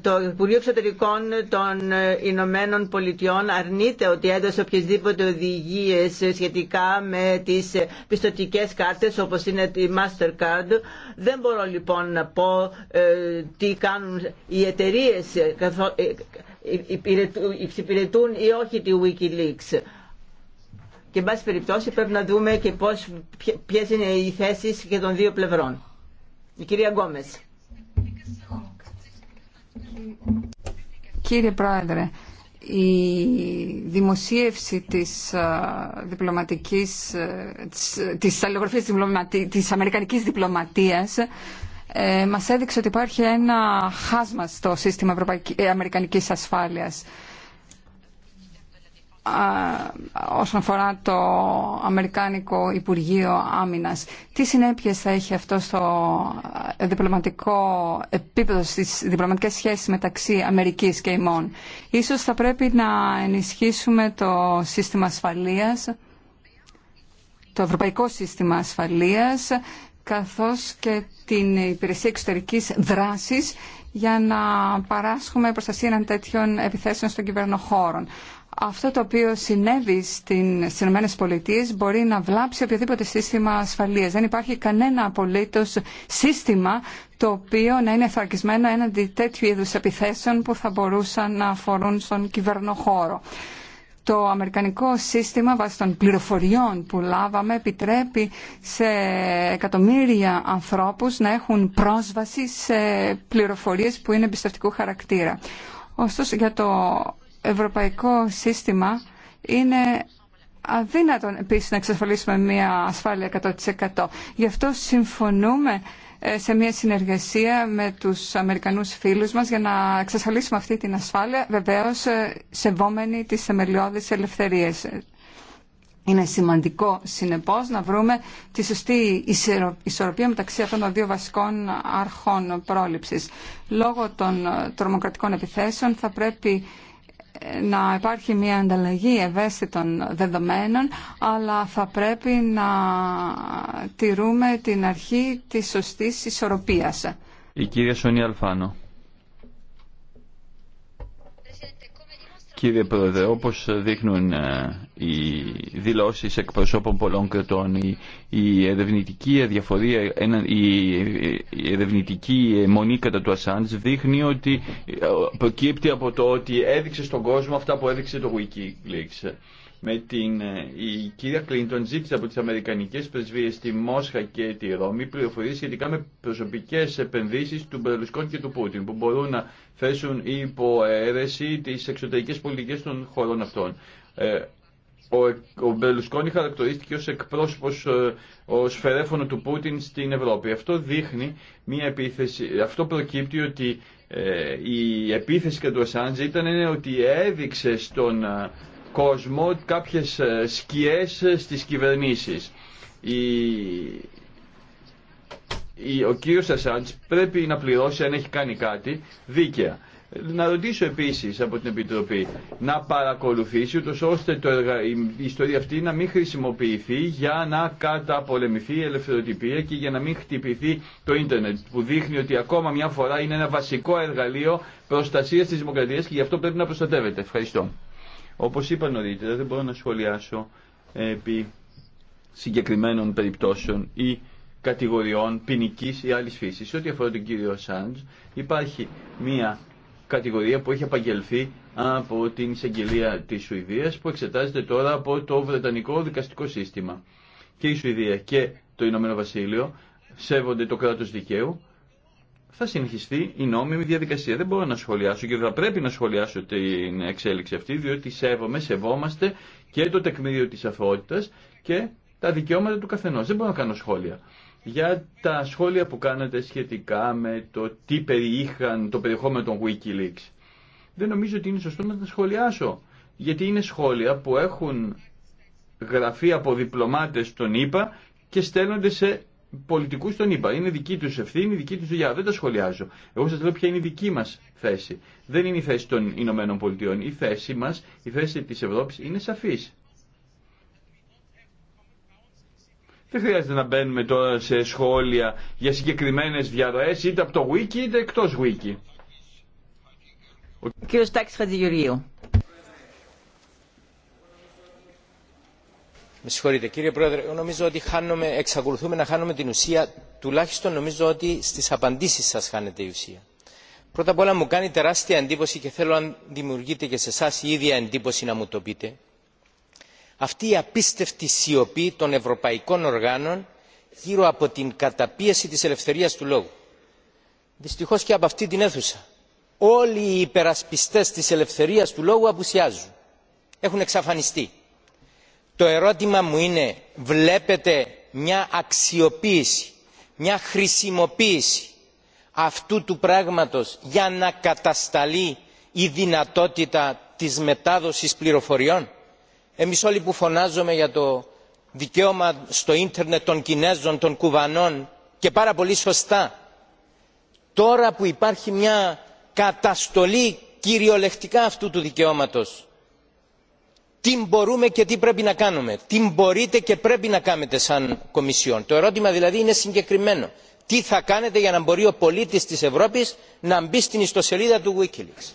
το Υπουργείο Εξωτερικών των Ηνωμένων Πολιτειών αρνείται ότι έδωσε οποιασδήποτε οδηγίες σχετικά με τις πιστοτικές κάρτες όπως είναι η Mastercard. Δεν μπορώ λοιπόν να πω τι κάνουν οι εταιρείε εξυπηρετούν ή όχι τη Wikileaks και εν πάση περιπτώσει πρέπει να δούμε και πώς, ποιες είναι οι θέσεις και των δύο πλευρών. Η κυρία Γκόμες. Κύριε Πρόεδρε, η δημοσίευση της διπλωματικής της, της αλληλογραφίας της, αμερικανικής διπλωματίας ε, μας έδειξε ότι υπάρχει ένα χάσμα στο σύστημα ε, αμερικανικής ασφάλειας όσον αφορά το Αμερικάνικο Υπουργείο Άμυνας. Τι συνέπειες θα έχει αυτό στο διπλωματικό επίπεδο, στις διπλωματικές σχέσεις μεταξύ Αμερικής και ημών. Ίσως θα πρέπει να ενισχύσουμε το σύστημα ασφαλείας, το ευρωπαϊκό σύστημα ασφαλείας, καθώς και την υπηρεσία εξωτερικής δράσης για να παράσχουμε προστασία έναν τέτοιων επιθέσεων στον κυβερνοχώρο. Αυτό το οποίο συνέβη στις ΗΠΑ μπορεί να βλάψει οποιοδήποτε σύστημα ασφαλείας. Δεν υπάρχει κανένα απολύτως σύστημα το οποίο να είναι εθαρκισμένο έναντι τέτοιου είδους επιθέσεων που θα μπορούσαν να αφορούν στον κυβερνοχώρο. Το αμερικανικό σύστημα βάσει των πληροφοριών που λάβαμε επιτρέπει σε εκατομμύρια ανθρώπους να έχουν πρόσβαση σε πληροφορίες που είναι εμπιστευτικού χαρακτήρα. Ωστόσο για το ευρωπαϊκό σύστημα είναι αδύνατον επίσης να εξασφαλίσουμε μια ασφάλεια 100%. Γι' αυτό συμφωνούμε ε, σε μια συνεργασία με τους Αμερικανούς φίλους μας για να εξασφαλίσουμε αυτή την ασφάλεια, βεβαίως ε, σεβόμενοι τις θεμελιώδεις ελευθερίες. Είναι σημαντικό, συνεπώς, να βρούμε τη σωστή ισορροπία μεταξύ αυτών των δύο βασικών αρχών πρόληψης. Λόγω των ε, τρομοκρατικών επιθέσεων θα πρέπει να υπάρχει μια ανταλλαγή ευαίσθητων δεδομένων, αλλά θα πρέπει να τηρούμε την αρχή της σωστής ισορροπίας. Η κυρία Σονία Αλφάνο. Κύριε Πρόεδρε, όπως δείχνουν ε, οι δηλώσεις εκπροσώπων πολλών κρατών, η ερευνητική αδιαφορία, η ερευνητική μονή κατά του Ασάντς δείχνει ότι ε, προκύπτει από το ότι έδειξε στον κόσμο αυτά που έδειξε το Wikileaks με ε, η κυρία Κλίντον ζήτησε από τις Αμερικανικές πρεσβείες στη Μόσχα και τη Ρώμη πληροφορίες σχετικά με προσωπικές επενδύσεις του Μπερλουσκόν και του Πούτιν που μπορούν να θέσουν υπό αίρεση τις εξωτερικές πολιτικές των χωρών αυτών. Ε, ο, ο Μπερλουσκόνη χαρακτηρίστηκε ως εκπρόσωπος, ε, ως φερέφωνο του Πούτιν στην Ευρώπη. Αυτό δείχνει μια επίθεση, αυτό προκύπτει ότι η επίθεση κατά του Ασάντζ ήταν ότι έδειξε στον κόσμο κάποιες ε, σκιές ε, στις κυβερνήσεις. Η... Η... Ο κύριος Ασάντς πρέπει να πληρώσει αν έχει κάνει κάτι δίκαια. Να ρωτήσω επίσης από την Επιτροπή να παρακολουθήσει ούτως ώστε το εργα... η ιστορία αυτή να μην χρησιμοποιηθεί για να καταπολεμηθεί η ελευθεροτυπία και για να μην χτυπηθεί το ίντερνετ που δείχνει ότι ακόμα μια φορά είναι ένα βασικό εργαλείο προστασίας της δημοκρατίας και γι' αυτό πρέπει να προστατεύεται. Ευχαριστώ. Όπως είπα νωρίτερα, δεν μπορώ να σχολιάσω επί συγκεκριμένων περιπτώσεων ή κατηγοριών ποινική ή άλλη φύση. Σε ό,τι αφορά τον κύριο Σάντζ, υπάρχει μια κατηγορία που έχει απαγγελθεί από την εισαγγελία τη Σουηδία που εξετάζεται τώρα από το Βρετανικό δικαστικό σύστημα. Και η Σουηδία και το Ηνωμένο Βασίλειο σέβονται το κράτο δικαίου θα συνεχιστεί η νόμιμη διαδικασία. Δεν μπορώ να σχολιάσω και θα πρέπει να σχολιάσω την εξέλιξη αυτή, διότι σέβομαι, σεβόμαστε και το τεκμήριο της αθωότητας και τα δικαιώματα του καθενός. Δεν μπορώ να κάνω σχόλια. Για τα σχόλια που κάνατε σχετικά με το τι περιείχαν το περιεχόμενο των Wikileaks. Δεν νομίζω ότι είναι σωστό να τα σχολιάσω. Γιατί είναι σχόλια που έχουν γραφεί από διπλωμάτες των ΗΠΑ και στέλνονται σε Πολιτικού τον είπα. Είναι δική του ευθύνη, δική του δουλειά. Δεν τα σχολιάζω. Εγώ σας λέω ποια είναι η δική μα θέση. Δεν είναι η θέση των Ηνωμένων Πολιτειών. Η θέση μας, η θέση της Ευρώπης είναι σαφής. Δεν χρειάζεται να μπαίνουμε τώρα σε σχόλια για συγκεκριμένες διαρροές είτε από το Wiki είτε εκτός Wiki. Ο Με κύριε Πρόεδρε, νομίζω ότι εξακολουθούμε να χάνουμε την ουσία, τουλάχιστον νομίζω ότι στι απαντήσει σα χάνεται η ουσία. Πρώτα απ' όλα μου κάνει τεράστια εντύπωση και θέλω αν δημιουργείται και σε εσά η ίδια εντύπωση να μου το πείτε. Αυτή η απίστευτη σιωπή των ευρωπαϊκών οργάνων γύρω από την καταπίεση τη ελευθερία του λόγου. Δυστυχώ και από αυτή την αίθουσα. Όλοι οι υπερασπιστές τη ελευθερία του λόγου απουσιάζουν. Έχουν εξαφανιστεί το ερώτημα μου είναι βλέπετε μια αξιοποίηση μια χρησιμοποίηση αυτού του πράγματος για να κατασταλεί η δυνατότητα της μετάδοσης πληροφοριών. εμείς όλοι που φωνάζουμε για το δικαίωμα στο ίντερνετ των κινέζων των κουβανών και πάρα πολύ σωστά τώρα που υπάρχει μια καταστολή κυριολεκτικά αυτού του δικαιώματος τι μπορούμε και τι πρέπει να κάνουμε τι μπορείτε και πρέπει να κάνετε σαν κομισιόν. το ερώτημα δηλαδή είναι συγκεκριμένο τι θα κάνετε για να μπορεί ο πολίτης της ευρώπης να μπει στην ιστοσελίδα του wikileaks.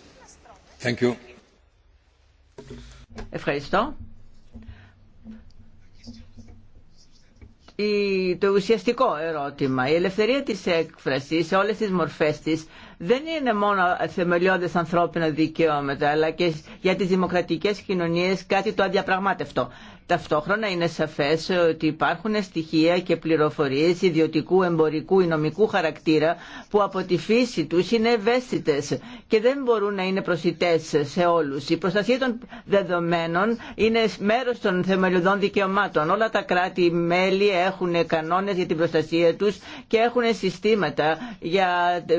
το ουσιαστικό ερώτημα. Η ελευθερία της έκφρασης σε όλες τις μορφές της δεν είναι μόνο θεμελιώδες ανθρώπινα δικαιώματα αλλά και για τις δημοκρατικές κοινωνίες κάτι το αδιαπραγμάτευτο. Ταυτόχρονα είναι σαφές ότι υπάρχουν στοιχεία και πληροφορίες ιδιωτικού, εμπορικού ή νομικού χαρακτήρα που από τη φύση τους είναι ευαίσθητες και δεν μπορούν να είναι προσιτές σε όλους. Η προστασία των δεδομένων είναι μέρος των θεμελιωδών δικαιωμάτων. Όλα τα κράτη-μέλη έχουν κανόνες για την προστασία τους και έχουν συστήματα για,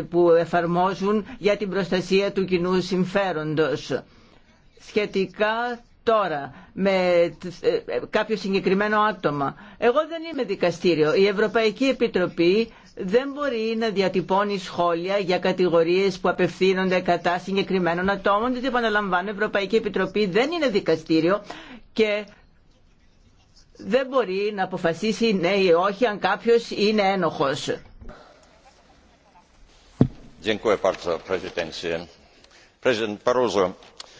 που εφαρμόζουν για την προστασία του κοινού συμφέροντος σχετικά τώρα με ε, κάποιο συγκεκριμένο άτομα. Εγώ δεν είμαι δικαστήριο. Η Ευρωπαϊκή Επιτροπή δεν μπορεί να διατυπώνει σχόλια για κατηγορίες που απευθύνονται κατά συγκεκριμένων ατόμων, διότι επαναλαμβάνω, η Ευρωπαϊκή Επιτροπή δεν είναι δικαστήριο και δεν μπορεί να αποφασίσει ναι ή όχι αν κάποιος είναι ένοχος.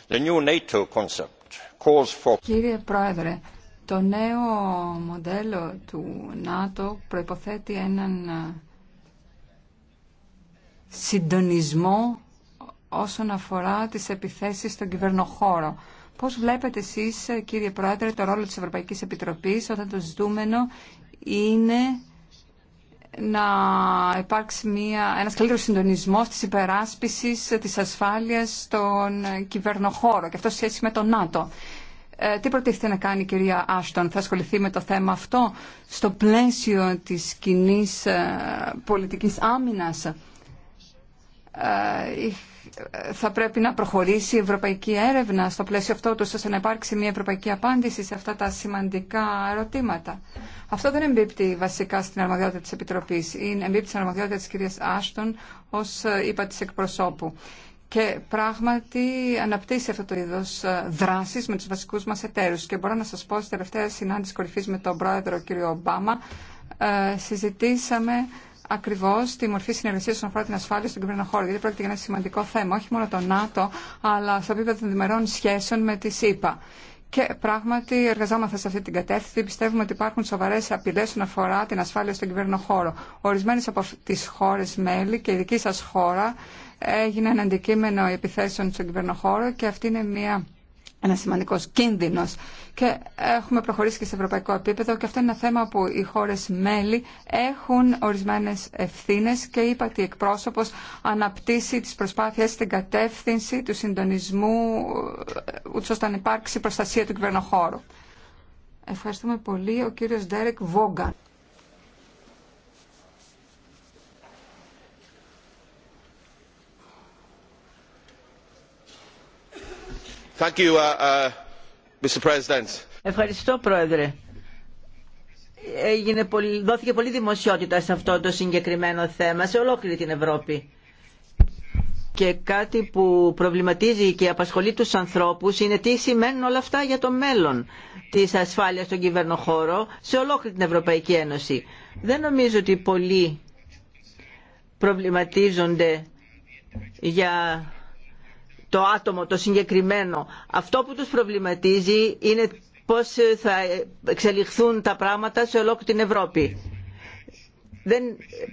the new NATO concept Κύριε Πρόεδρε, το νέο μοντέλο του ΝΑΤΟ προϋποθέτει έναν ε, συντονισμό όσον αφορά τις επιθέσεις στον κυβερνοχώρο. Πώς βλέπετε εσείς, ε, κύριε Πρόεδρε, το ρόλο της Ευρωπαϊκής Επιτροπής όταν το ζητούμενο είναι να υπάρξει μια, ένας καλύτερος συντονισμός της υπεράσπισης της ασφάλειας στον κυβερνοχώρο και αυτό σχέση με το ΝΑΤΟ. Ε, τι προτίθεται να κάνει η κυρία Άστον, θα ασχοληθεί με το θέμα αυτό στο πλαίσιο της κοινή ε, πολιτικής άμυνας. Ε, θα πρέπει να προχωρήσει η ευρωπαϊκή έρευνα στο πλαίσιο αυτό του ώστε να υπάρξει μια ευρωπαϊκή απάντηση σε αυτά τα σημαντικά ερωτήματα. Αυτό δεν εμπίπτει βασικά στην αρμοδιότητα τη Επιτροπή. Είναι εμπίπτει στην αρμοδιότητα τη κυρίας Άστον ω ε, είπα τη εκπροσώπου. Και πράγματι αναπτύσσει αυτό το είδο ε, δράση με του βασικού μα εταίρου. Και μπορώ να σα πω, στη τελευταία συνάντηση κορυφή με τον πρόεδρο κ. Ομπάμα, ε, συζητήσαμε ακριβώ τη μορφή συνεργασία όσον αφορά την ασφάλεια στον κυβερνό χώρο. Γιατί πρόκειται για ένα σημαντικό θέμα, όχι μόνο το ΝΑΤΟ, αλλά στο επίπεδο των διμερών σχέσεων με τη ΣΥΠΑ. Και πράγματι εργαζόμαστε σε αυτή την κατεύθυνση. Πιστεύουμε ότι υπάρχουν σοβαρέ απειλέ όσον αφορά την ασφάλεια στον κυβέρνο χώρο. Ορισμένε από τι χώρε μέλη και η δική σα χώρα έγιναν αντικείμενο επιθέσεων στον κυβέρνο χώρο και αυτή είναι μια ένα σημαντικό κίνδυνο. Και έχουμε προχωρήσει και σε ευρωπαϊκό επίπεδο και αυτό είναι ένα θέμα που οι χώρε μέλη έχουν ορισμένε ευθύνε και είπα ότι εκπρόσωπο αναπτύσσει τι προσπάθειε στην κατεύθυνση του συντονισμού, ε, ούτω ώστε να υπάρξει προστασία του κυβερνοχώρου. Ευχαριστούμε πολύ. Ο κύριος Ντέρεκ Βόγκαν. Uh, uh, Ευχαριστώ, Πρόεδρε. Έγινε πολύ, δόθηκε πολλή δημοσιότητα σε αυτό το συγκεκριμένο θέμα σε ολόκληρη την Ευρώπη. Και κάτι που προβληματίζει και απασχολεί τους ανθρώπους είναι τι σημαίνουν όλα αυτά για το μέλλον της ασφάλειας στον κυβερνοχώρο σε ολόκληρη την Ευρωπαϊκή Ένωση. Δεν νομίζω ότι πολλοί προβληματίζονται για το άτομο το συγκεκριμένο. Αυτό που τους προβληματίζει είναι πώς θα εξελιχθούν τα πράγματα σε ολόκληρη την Ευρώπη. Δεν...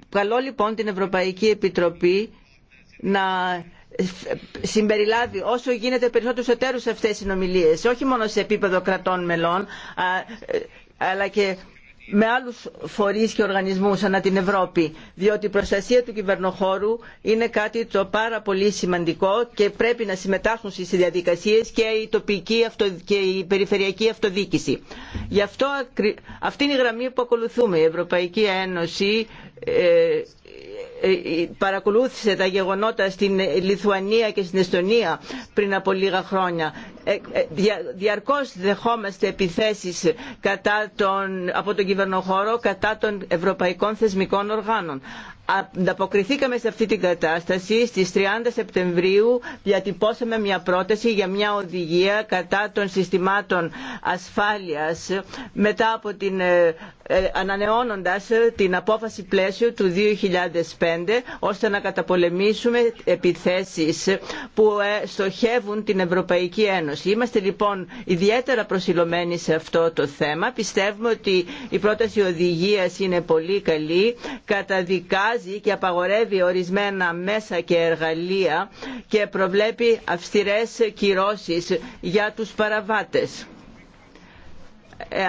Καλώ λοιπόν την Ευρωπαϊκή Επιτροπή να συμπεριλάβει όσο γίνεται περισσότερους εταίρους σε αυτές τις συνομιλίες, όχι μόνο σε επίπεδο κρατών μελών, ε, αλλά και με άλλους φορείς και οργανισμούς ανά την Ευρώπη, διότι η προστασία του κυβερνοχώρου είναι κάτι το πάρα πολύ σημαντικό και πρέπει να συμμετάσχουν στις διαδικασίες και η τοπική και η περιφερειακή αυτοδίκηση. Γι' αυτό αυτή είναι η γραμμή που ακολουθούμε. Η Ευρωπαϊκή Ένωση ε, ε, ε, παρακολούθησε τα γεγονότα στην Λιθουανία και στην Εστονία πριν από λίγα χρόνια ε, ε, διαρκώς δεχόμαστε επιθέσεις κατά από τον κυβερνοχώρο κατά των ευρωπαϊκών θεσμικών οργάνων. Ανταποκριθήκαμε σε αυτή την κατάσταση. Στις 30 Σεπτεμβρίου διατυπώσαμε μια πρόταση για μια οδηγία κατά των συστημάτων ασφάλειας μετά από την ε, ανανεώνοντας την απόφαση πλαίσιο του 2005 ώστε να καταπολεμήσουμε επιθέσεις που στοχεύουν την Ευρωπαϊκή Ένωση. Είμαστε λοιπόν ιδιαίτερα προσιλωμένοι σε αυτό το θέμα. Πιστεύουμε ότι η πρόταση οδηγίας είναι πολύ καλή, καταδικάζει και απαγορεύει ορισμένα μέσα και εργαλεία και προβλέπει αυστηρές κυρώσεις για τους παραβάτες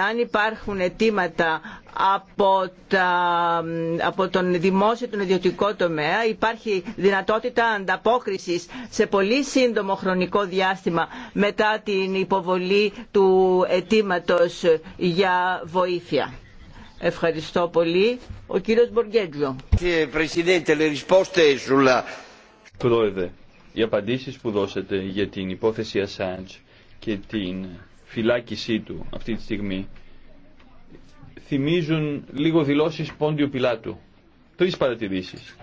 αν υπάρχουν αιτήματα από, τα, από τον δημόσιο τον ιδιωτικό τομέα υπάρχει δυνατότητα ανταπόκρισης σε πολύ σύντομο χρονικό διάστημα μετά την υποβολή του αιτήματο για βοήθεια. Ευχαριστώ πολύ. Ο κύριος Μποργέντζο. Πρόεδρε, οι απαντήσεις που δώσετε για την υπόθεση Ασάντς και την φυλάκισή του αυτή τη στιγμή θυμίζουν λίγο δηλώσεις Πόντιου Πιλάτου. Τρεις παρατηρήσεις.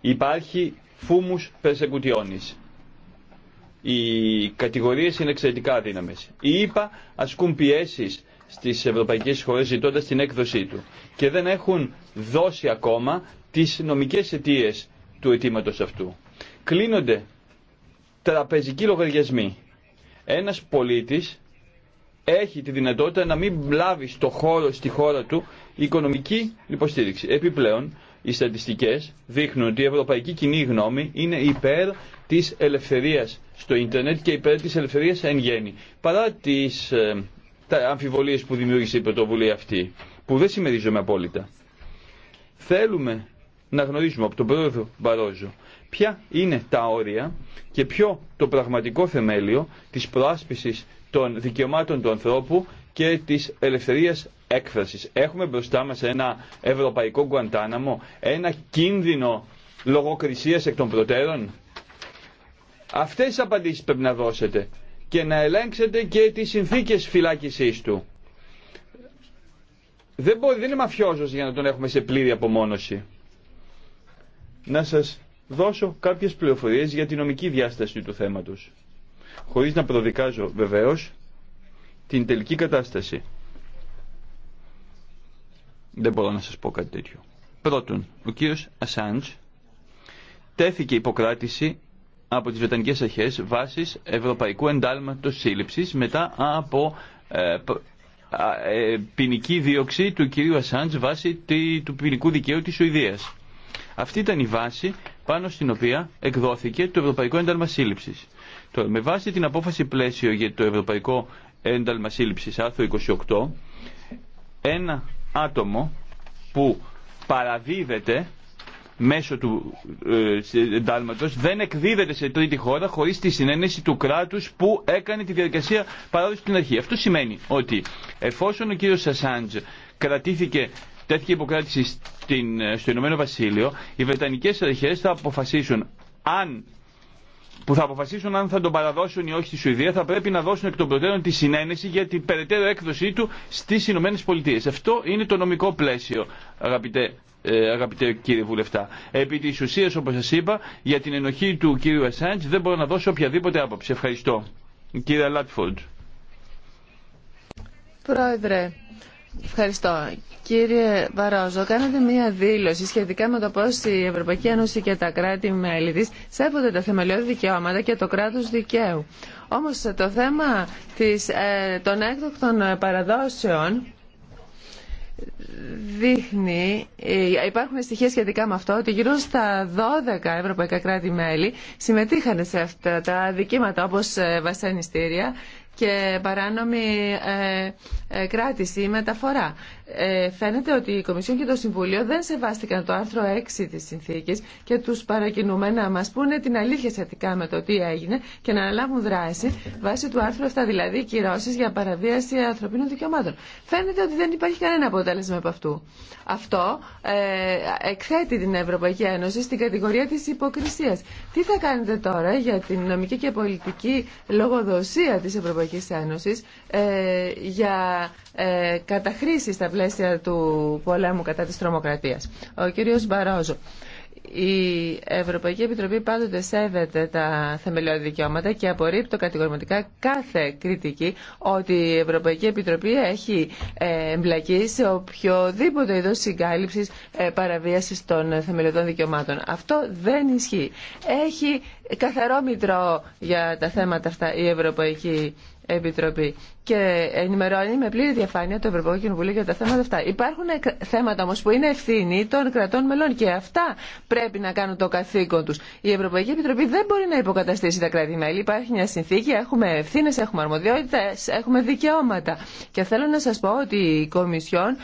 Υπάρχει φούμους περσεκουτιώνης. Οι κατηγορίες είναι εξαιρετικά δύναμες. Οι ΙΠΑ ασκούν πιέσεις στις ευρωπαϊκές χώρες ζητώντα την έκδοσή του και δεν έχουν δώσει ακόμα τις νομικές αιτίε του αιτήματο αυτού. Κλείνονται τραπεζικοί λογαριασμοί. Ένας πολίτης έχει τη δυνατότητα να μην λάβει στο χώρο, στη χώρα του οικονομική υποστήριξη. Επιπλέον, οι στατιστικέ δείχνουν ότι η ευρωπαϊκή κοινή γνώμη είναι υπέρ της ελευθερία στο ίντερνετ και υπέρ τη ελευθερία εν γέννη. Παρά τι ε, αμφιβολίες που δημιούργησε η πρωτοβουλία αυτή, που δεν συμμερίζομαι απόλυτα. Θέλουμε να γνωρίζουμε από τον πρόεδρο Μπαρόζο ποια είναι τα όρια και ποιο το πραγματικό θεμέλιο της προάσπισης των δικαιωμάτων του ανθρώπου και της ελευθερίας έκφρασης. Έχουμε μπροστά μας ένα ευρωπαϊκό Γκουαντάναμο, ένα κίνδυνο λογοκρισίας εκ των προτέρων. Αυτές τις απαντήσεις πρέπει να δώσετε και να ελέγξετε και τις συνθήκες φυλάκισής του. Δεν, μπορεί, δεν είναι μαφιόζος για να τον έχουμε σε πλήρη απομόνωση. Να σας δώσω κάποιες πληροφορίες για τη νομική διάσταση του θέματος χωρίς να προδικάζω βεβαίως την τελική κατάσταση. Δεν μπορώ να σας πω κάτι τέτοιο. Πρώτον, ο κύριος Ασάντς τέθηκε υποκράτηση από τις Βετανικές Αρχές βάσης Ευρωπαϊκού Εντάλματος Σύλληψης μετά από ε, ε ποινική δίωξη του κυρίου Ασάντς βάσει του ποινικού δικαίου της Σουηδίας. Αυτή ήταν η βάση πάνω στην οποία εκδόθηκε το Ευρωπαϊκό Ένταλμα Σύλληψης. Το, με βάση την απόφαση πλαίσιο για το Ευρωπαϊκό Ένταλμα Σύλληψη, άρθρο 28, ένα άτομο που παραδίδεται μέσω του ε, εντάλματος δεν εκδίδεται σε τρίτη χώρα χωρίς τη συνένεση του κράτους που έκανε τη διαδικασία παράδοση στην αρχή. Αυτό σημαίνει ότι εφόσον ο κύριος Σασάντζ κρατήθηκε τέτοια υποκράτηση στην, ε, στο Ηνωμένο Βασίλειο, οι Βρετανικές αρχές θα αποφασίσουν αν που θα αποφασίσουν αν θα τον παραδώσουν ή όχι στη Σουηδία θα πρέπει να δώσουν εκ των προτέρων τη συνένεση για την περαιτέρω έκδοσή του στι Ηνωμένε Πολιτείε. Αυτό είναι το νομικό πλαίσιο, αγαπητέ, ε, αγαπητέ κύριε Βουλευτά. Επί τη ουσία, όπω σα είπα, για την ενοχή του κύριου Ασάντ δεν μπορώ να δώσω οποιαδήποτε άποψη. Ευχαριστώ. Κύριε Λάτφορντ. Πρόεδρε, Ευχαριστώ. Κύριε Βαρόζο, κάνατε μία δήλωση σχετικά με το πώ η Ευρωπαϊκή Ένωση και τα κράτη-μέλη τη σέβονται τα θεμελιώδη δικαιώματα και το κράτο δικαίου. Όμω το θέμα ε, των έκδοκτων παραδόσεων δείχνει, ε, υπάρχουν στοιχεία σχετικά με αυτό, ότι γύρω στα 12 ευρωπαϊκά κράτη-μέλη συμμετείχαν σε αυτά τα δικήματα όπως ε, βασανιστήρια και παράνομη ε, ε, κράτηση ή μεταφορά ε, φαίνεται ότι η Κομισιόν και το Συμβούλιο δεν σεβάστηκαν το άρθρο 6 της συνθήκης και τους παρακινούμε να μας πούνε την αλήθεια σχετικά με το τι έγινε και να αναλάβουν δράση βάσει του άρθρου 7, δηλαδή κυρώσεις για παραβίαση ανθρωπίνων δικαιωμάτων. Φαίνεται ότι δεν υπάρχει κανένα αποτέλεσμα από αυτού. Αυτό ε, εκθέτει την Ευρωπαϊκή Ένωση στην κατηγορία της υποκρισίας. Τι θα κάνετε τώρα για την νομική και πολιτική λογοδοσία της Ευρωπαϊκής Ένωσης ε, για ε, καταχρήσεις στα πλαίσια του πολέμου κατά της τρομοκρατίας. Ο κύριος Μπαρόζο. Η Ευρωπαϊκή Επιτροπή πάντοτε σέβεται τα θεμελιώδη δικαιώματα και απορρίπτω κατηγορηματικά κάθε κριτική ότι η Ευρωπαϊκή Επιτροπή έχει ε, εμπλακεί σε οποιοδήποτε είδο συγκάλυψη ε, παραβίαση των θεμελιωδών δικαιωμάτων. Αυτό δεν ισχύει. Έχει καθαρό μητρό για τα θέματα αυτά η Ευρωπαϊκή Επιτροπή και ενημερώνει με πλήρη διαφάνεια το Ευρωπαϊκό Κοινοβούλιο για τα θέματα αυτά. Υπάρχουν θέματα όμω που είναι ευθύνη των κρατών μελών και αυτά πρέπει να κάνουν το καθήκον του. Η Ευρωπαϊκή Επιτροπή δεν μπορεί να υποκαταστήσει τα κράτη-μέλη. Υπάρχει μια συνθήκη, έχουμε ευθύνε, έχουμε αρμοδιότητε, έχουμε δικαιώματα. Και θέλω να σα πω ότι η Κομισιόν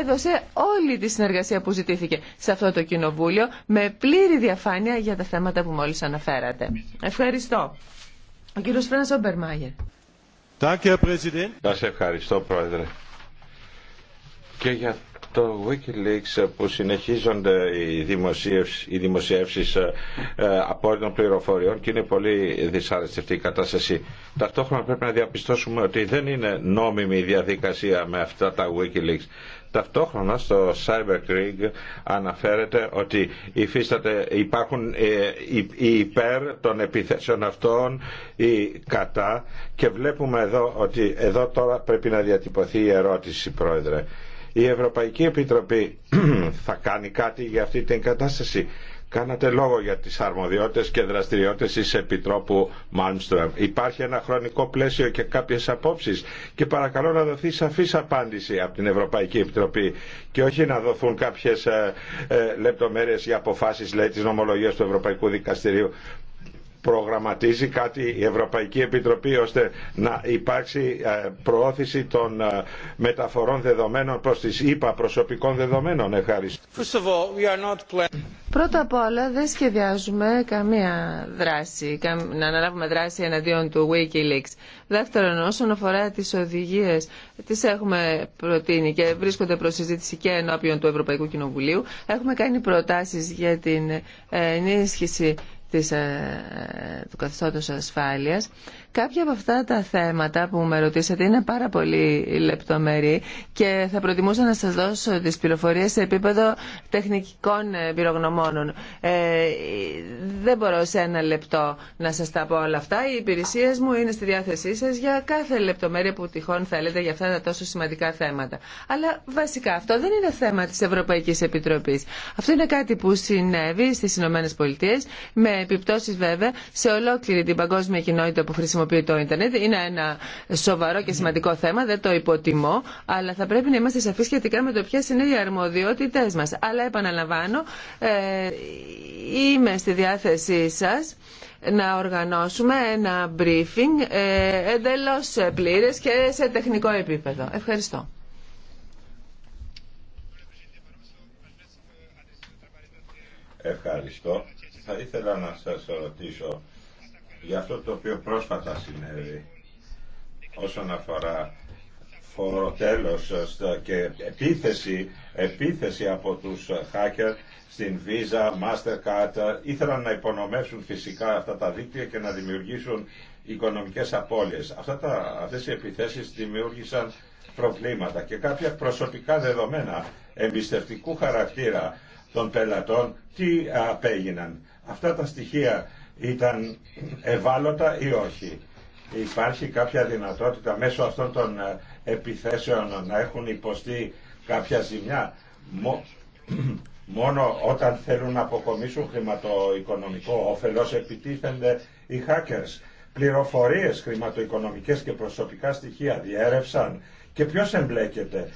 έδωσε όλη τη συνεργασία που ζητήθηκε σε αυτό το Κοινοβούλιο με πλήρη διαφάνεια για τα θέματα που μόλι αναφέρατε. Ευχαριστώ. Ο κύριο ευχαριστώ πρόεδρε. Και για το Wikileaks ε, που συνεχίζονται οι, δημοσίευσεις, οι δημοσιεύσεις ε, ε απόρριτων πληροφοριών και είναι πολύ δυσάρεστη η κατάσταση. Ταυτόχρονα πρέπει να διαπιστώσουμε ότι δεν είναι νόμιμη η διαδικασία με αυτά τα Wikileaks. Ταυτόχρονα στο Cyber Creek αναφέρεται ότι υφίσταται, υπάρχουν οι ε, υπέρ των επιθέσεων αυτών ή κατά και βλέπουμε εδώ ότι εδώ τώρα πρέπει να διατυπωθεί η ερώτηση πρόεδρε. Η Ευρωπαϊκή Επιτροπή θα κάνει κάτι για αυτή την κατάσταση Κάνατε λόγο για τις αρμοδιότητες και δραστηριότητες της Επιτρόπου Μάλμστρομ. Υπάρχει ένα χρονικό πλαίσιο και κάποιες απόψεις και παρακαλώ να δοθεί σαφής απάντηση από την Ευρωπαϊκή Επιτροπή και όχι να δοθούν κάποιες ε, ε, λεπτομέρειες για αποφάσεις λέει της νομολογίας του Ευρωπαϊκού Δικαστηρίου προγραμματίζει κάτι η Ευρωπαϊκή Επιτροπή ώστε να υπάρξει ε, προώθηση των ε, μεταφορών δεδομένων προς τις ΙΠΑ προσωπικών δεδομένων. Ευχαριστώ. Πρώτα απ' όλα δεν σχεδιάζουμε καμία δράση, να αναλάβουμε δράση εναντίον του Wikileaks. Δεύτερον, όσον αφορά τις οδηγίες, τις έχουμε προτείνει και βρίσκονται προς συζήτηση και ενώπιον του Ευρωπαϊκού Κοινοβουλίου. Έχουμε κάνει προτάσεις για την ε, ενίσχυση της, ε, του καθεστώτος ασφάλειας Κάποια από αυτά τα θέματα που με ρωτήσατε είναι πάρα πολύ λεπτομερή και θα προτιμούσα να σας δώσω τις πληροφορίες σε επίπεδο τεχνικών ε, πυρογνωμόνων. Ε, δεν μπορώ σε ένα λεπτό να σας τα πω όλα αυτά. Οι υπηρεσίες μου είναι στη διάθεσή σας για κάθε λεπτομέρεια που τυχόν θέλετε για αυτά τα τόσο σημαντικά θέματα. Αλλά βασικά αυτό δεν είναι θέμα της Ευρωπαϊκής Επιτροπής. Αυτό είναι κάτι που συνέβη στις Ηνωμένες Πολιτείες με επιπτώσεις βέβαια σε ολόκληρη την παγκόσμια κοινότητα που χρησιμοποιείται χρησιμοποιεί το ίντερνετ. Είναι ένα σοβαρό και σημαντικό θέμα, δεν το υποτιμώ, αλλά θα πρέπει να είμαστε σαφεί σχετικά με το ποιε είναι οι αρμοδιότητέ μας. Αλλά επαναλαμβάνω, ε, είμαι στη διάθεσή σας να οργανώσουμε ένα briefing ε, εντελώς πλήρες και σε τεχνικό επίπεδο. Ευχαριστώ. Ευχαριστώ. Θα ήθελα να σας ρωτήσω για αυτό το οποίο πρόσφατα συνέβη όσον αφορά φοροτέλος και επίθεση, επίθεση από τους hacker στην Visa, Mastercard ήθελαν να υπονομεύσουν φυσικά αυτά τα δίκτυα και να δημιουργήσουν οικονομικές απώλειες. Αυτά τα, αυτές οι επιθέσεις δημιούργησαν προβλήματα και κάποια προσωπικά δεδομένα εμπιστευτικού χαρακτήρα των πελατών τι απέγιναν. Αυτά τα στοιχεία ήταν ευάλωτα ή όχι. Υπάρχει κάποια δυνατότητα μέσω αυτών των ε, επιθέσεων να έχουν υποστεί κάποια ζημιά μόνο όταν θέλουν να αποκομίσουν χρηματοοικονομικό όφελος επιτίθενται οι hackers. Πληροφορίες, χρηματοοικονομικές και προσωπικά στοιχεία διέρευσαν και ποιος εμπλέκεται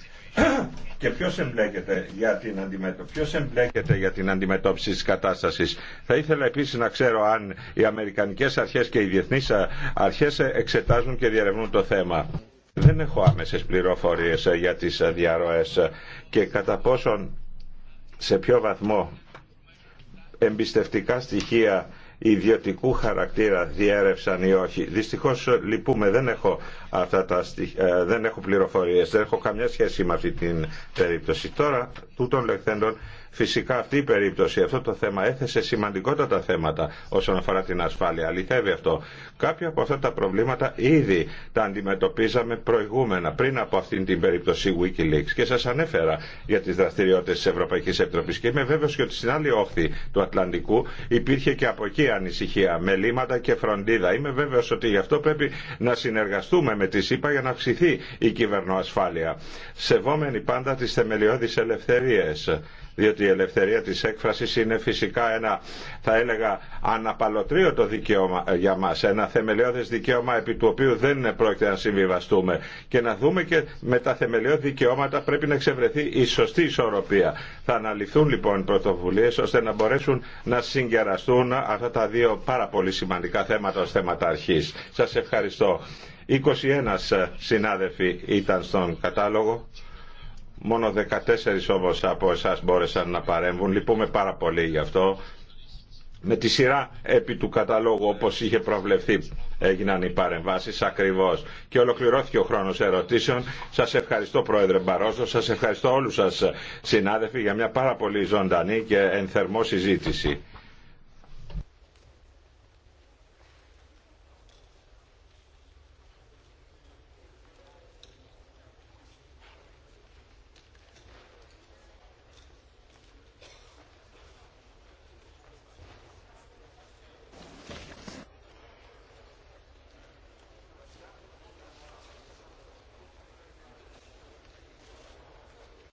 και ποιος εμπλέκεται για την αντιμετώπιση. Ποιος εμπλέκεται για την αντιμετώπιση της κατάστασης. Θα ήθελα επίσης να ξέρω αν οι Αμερικανικές αρχές και οι διεθνείς αρχές εξετάζουν και διαρευνούν το θέμα. Δεν έχω άμεσες πληροφορίες ε, για τις ε, διαρροές ε, και κατά πόσον σε ποιο βαθμό εμπιστευτικά στοιχεία ιδιωτικού χαρακτήρα διέρευσαν ή όχι. Δυστυχώς λυπούμε, δεν έχω, αυτά τα ε, δεν έχω πληροφορίες, δεν έχω καμιά σχέση με αυτή την περίπτωση. Τώρα, τούτων λεχθέντων, Φυσικά αυτή η περίπτωση, αυτό το θέμα έθεσε σημαντικότατα θέματα όσον αφορά την ασφάλεια. Αληθεύει αυτό. Κάποια από αυτά τα προβλήματα ήδη τα αντιμετωπίζαμε προηγούμενα, πριν από αυτήν την περίπτωση Wikileaks. Και σα ανέφερα για τι δραστηριότητε τη Ευρωπαϊκή Επιτροπή. Και είμαι βέβαιο και ότι στην άλλη όχθη του Ατλαντικού υπήρχε και από εκεί ανησυχία, με λίματα και φροντίδα. Είμαι βέβαιο ότι γι' αυτό πρέπει να συνεργαστούμε με τη ΣΥΠΑ για να αυξηθεί η κυβερνοασφάλεια. Σεβόμενοι πάντα τι θεμελιώδει ελευθερίε διότι η ελευθερία της έκφρασης είναι φυσικά ένα, θα έλεγα, αναπαλωτρίωτο δικαίωμα για μας, ένα θεμελιώδες δικαίωμα επί του οποίου δεν πρόκειται να συμβιβαστούμε. Και να δούμε και με τα θεμελιώδη δικαιώματα πρέπει να εξευρεθεί η σωστή ισορροπία. Θα αναλυθούν λοιπόν πρωτοβουλίες ώστε να μπορέσουν να συγκεραστούν αυτά τα δύο πάρα πολύ σημαντικά θέματα ως θέματα αρχής. Σας ευχαριστώ. 21 συνάδελφοι ήταν στον κατάλογο. Μόνο 14 όμως από εσάς μπόρεσαν να παρέμβουν. Λυπούμε πάρα πολύ γι' αυτό. Με τη σειρά επί του καταλόγου όπως είχε προβλεφθεί έγιναν οι παρεμβάσεις ακριβώς και ολοκληρώθηκε ο χρόνος ερωτήσεων. Σας ευχαριστώ Πρόεδρε Μπαρόζο, σας ευχαριστώ όλους σας συνάδελφοι για μια πάρα πολύ ζωντανή και ενθερμό συζήτηση.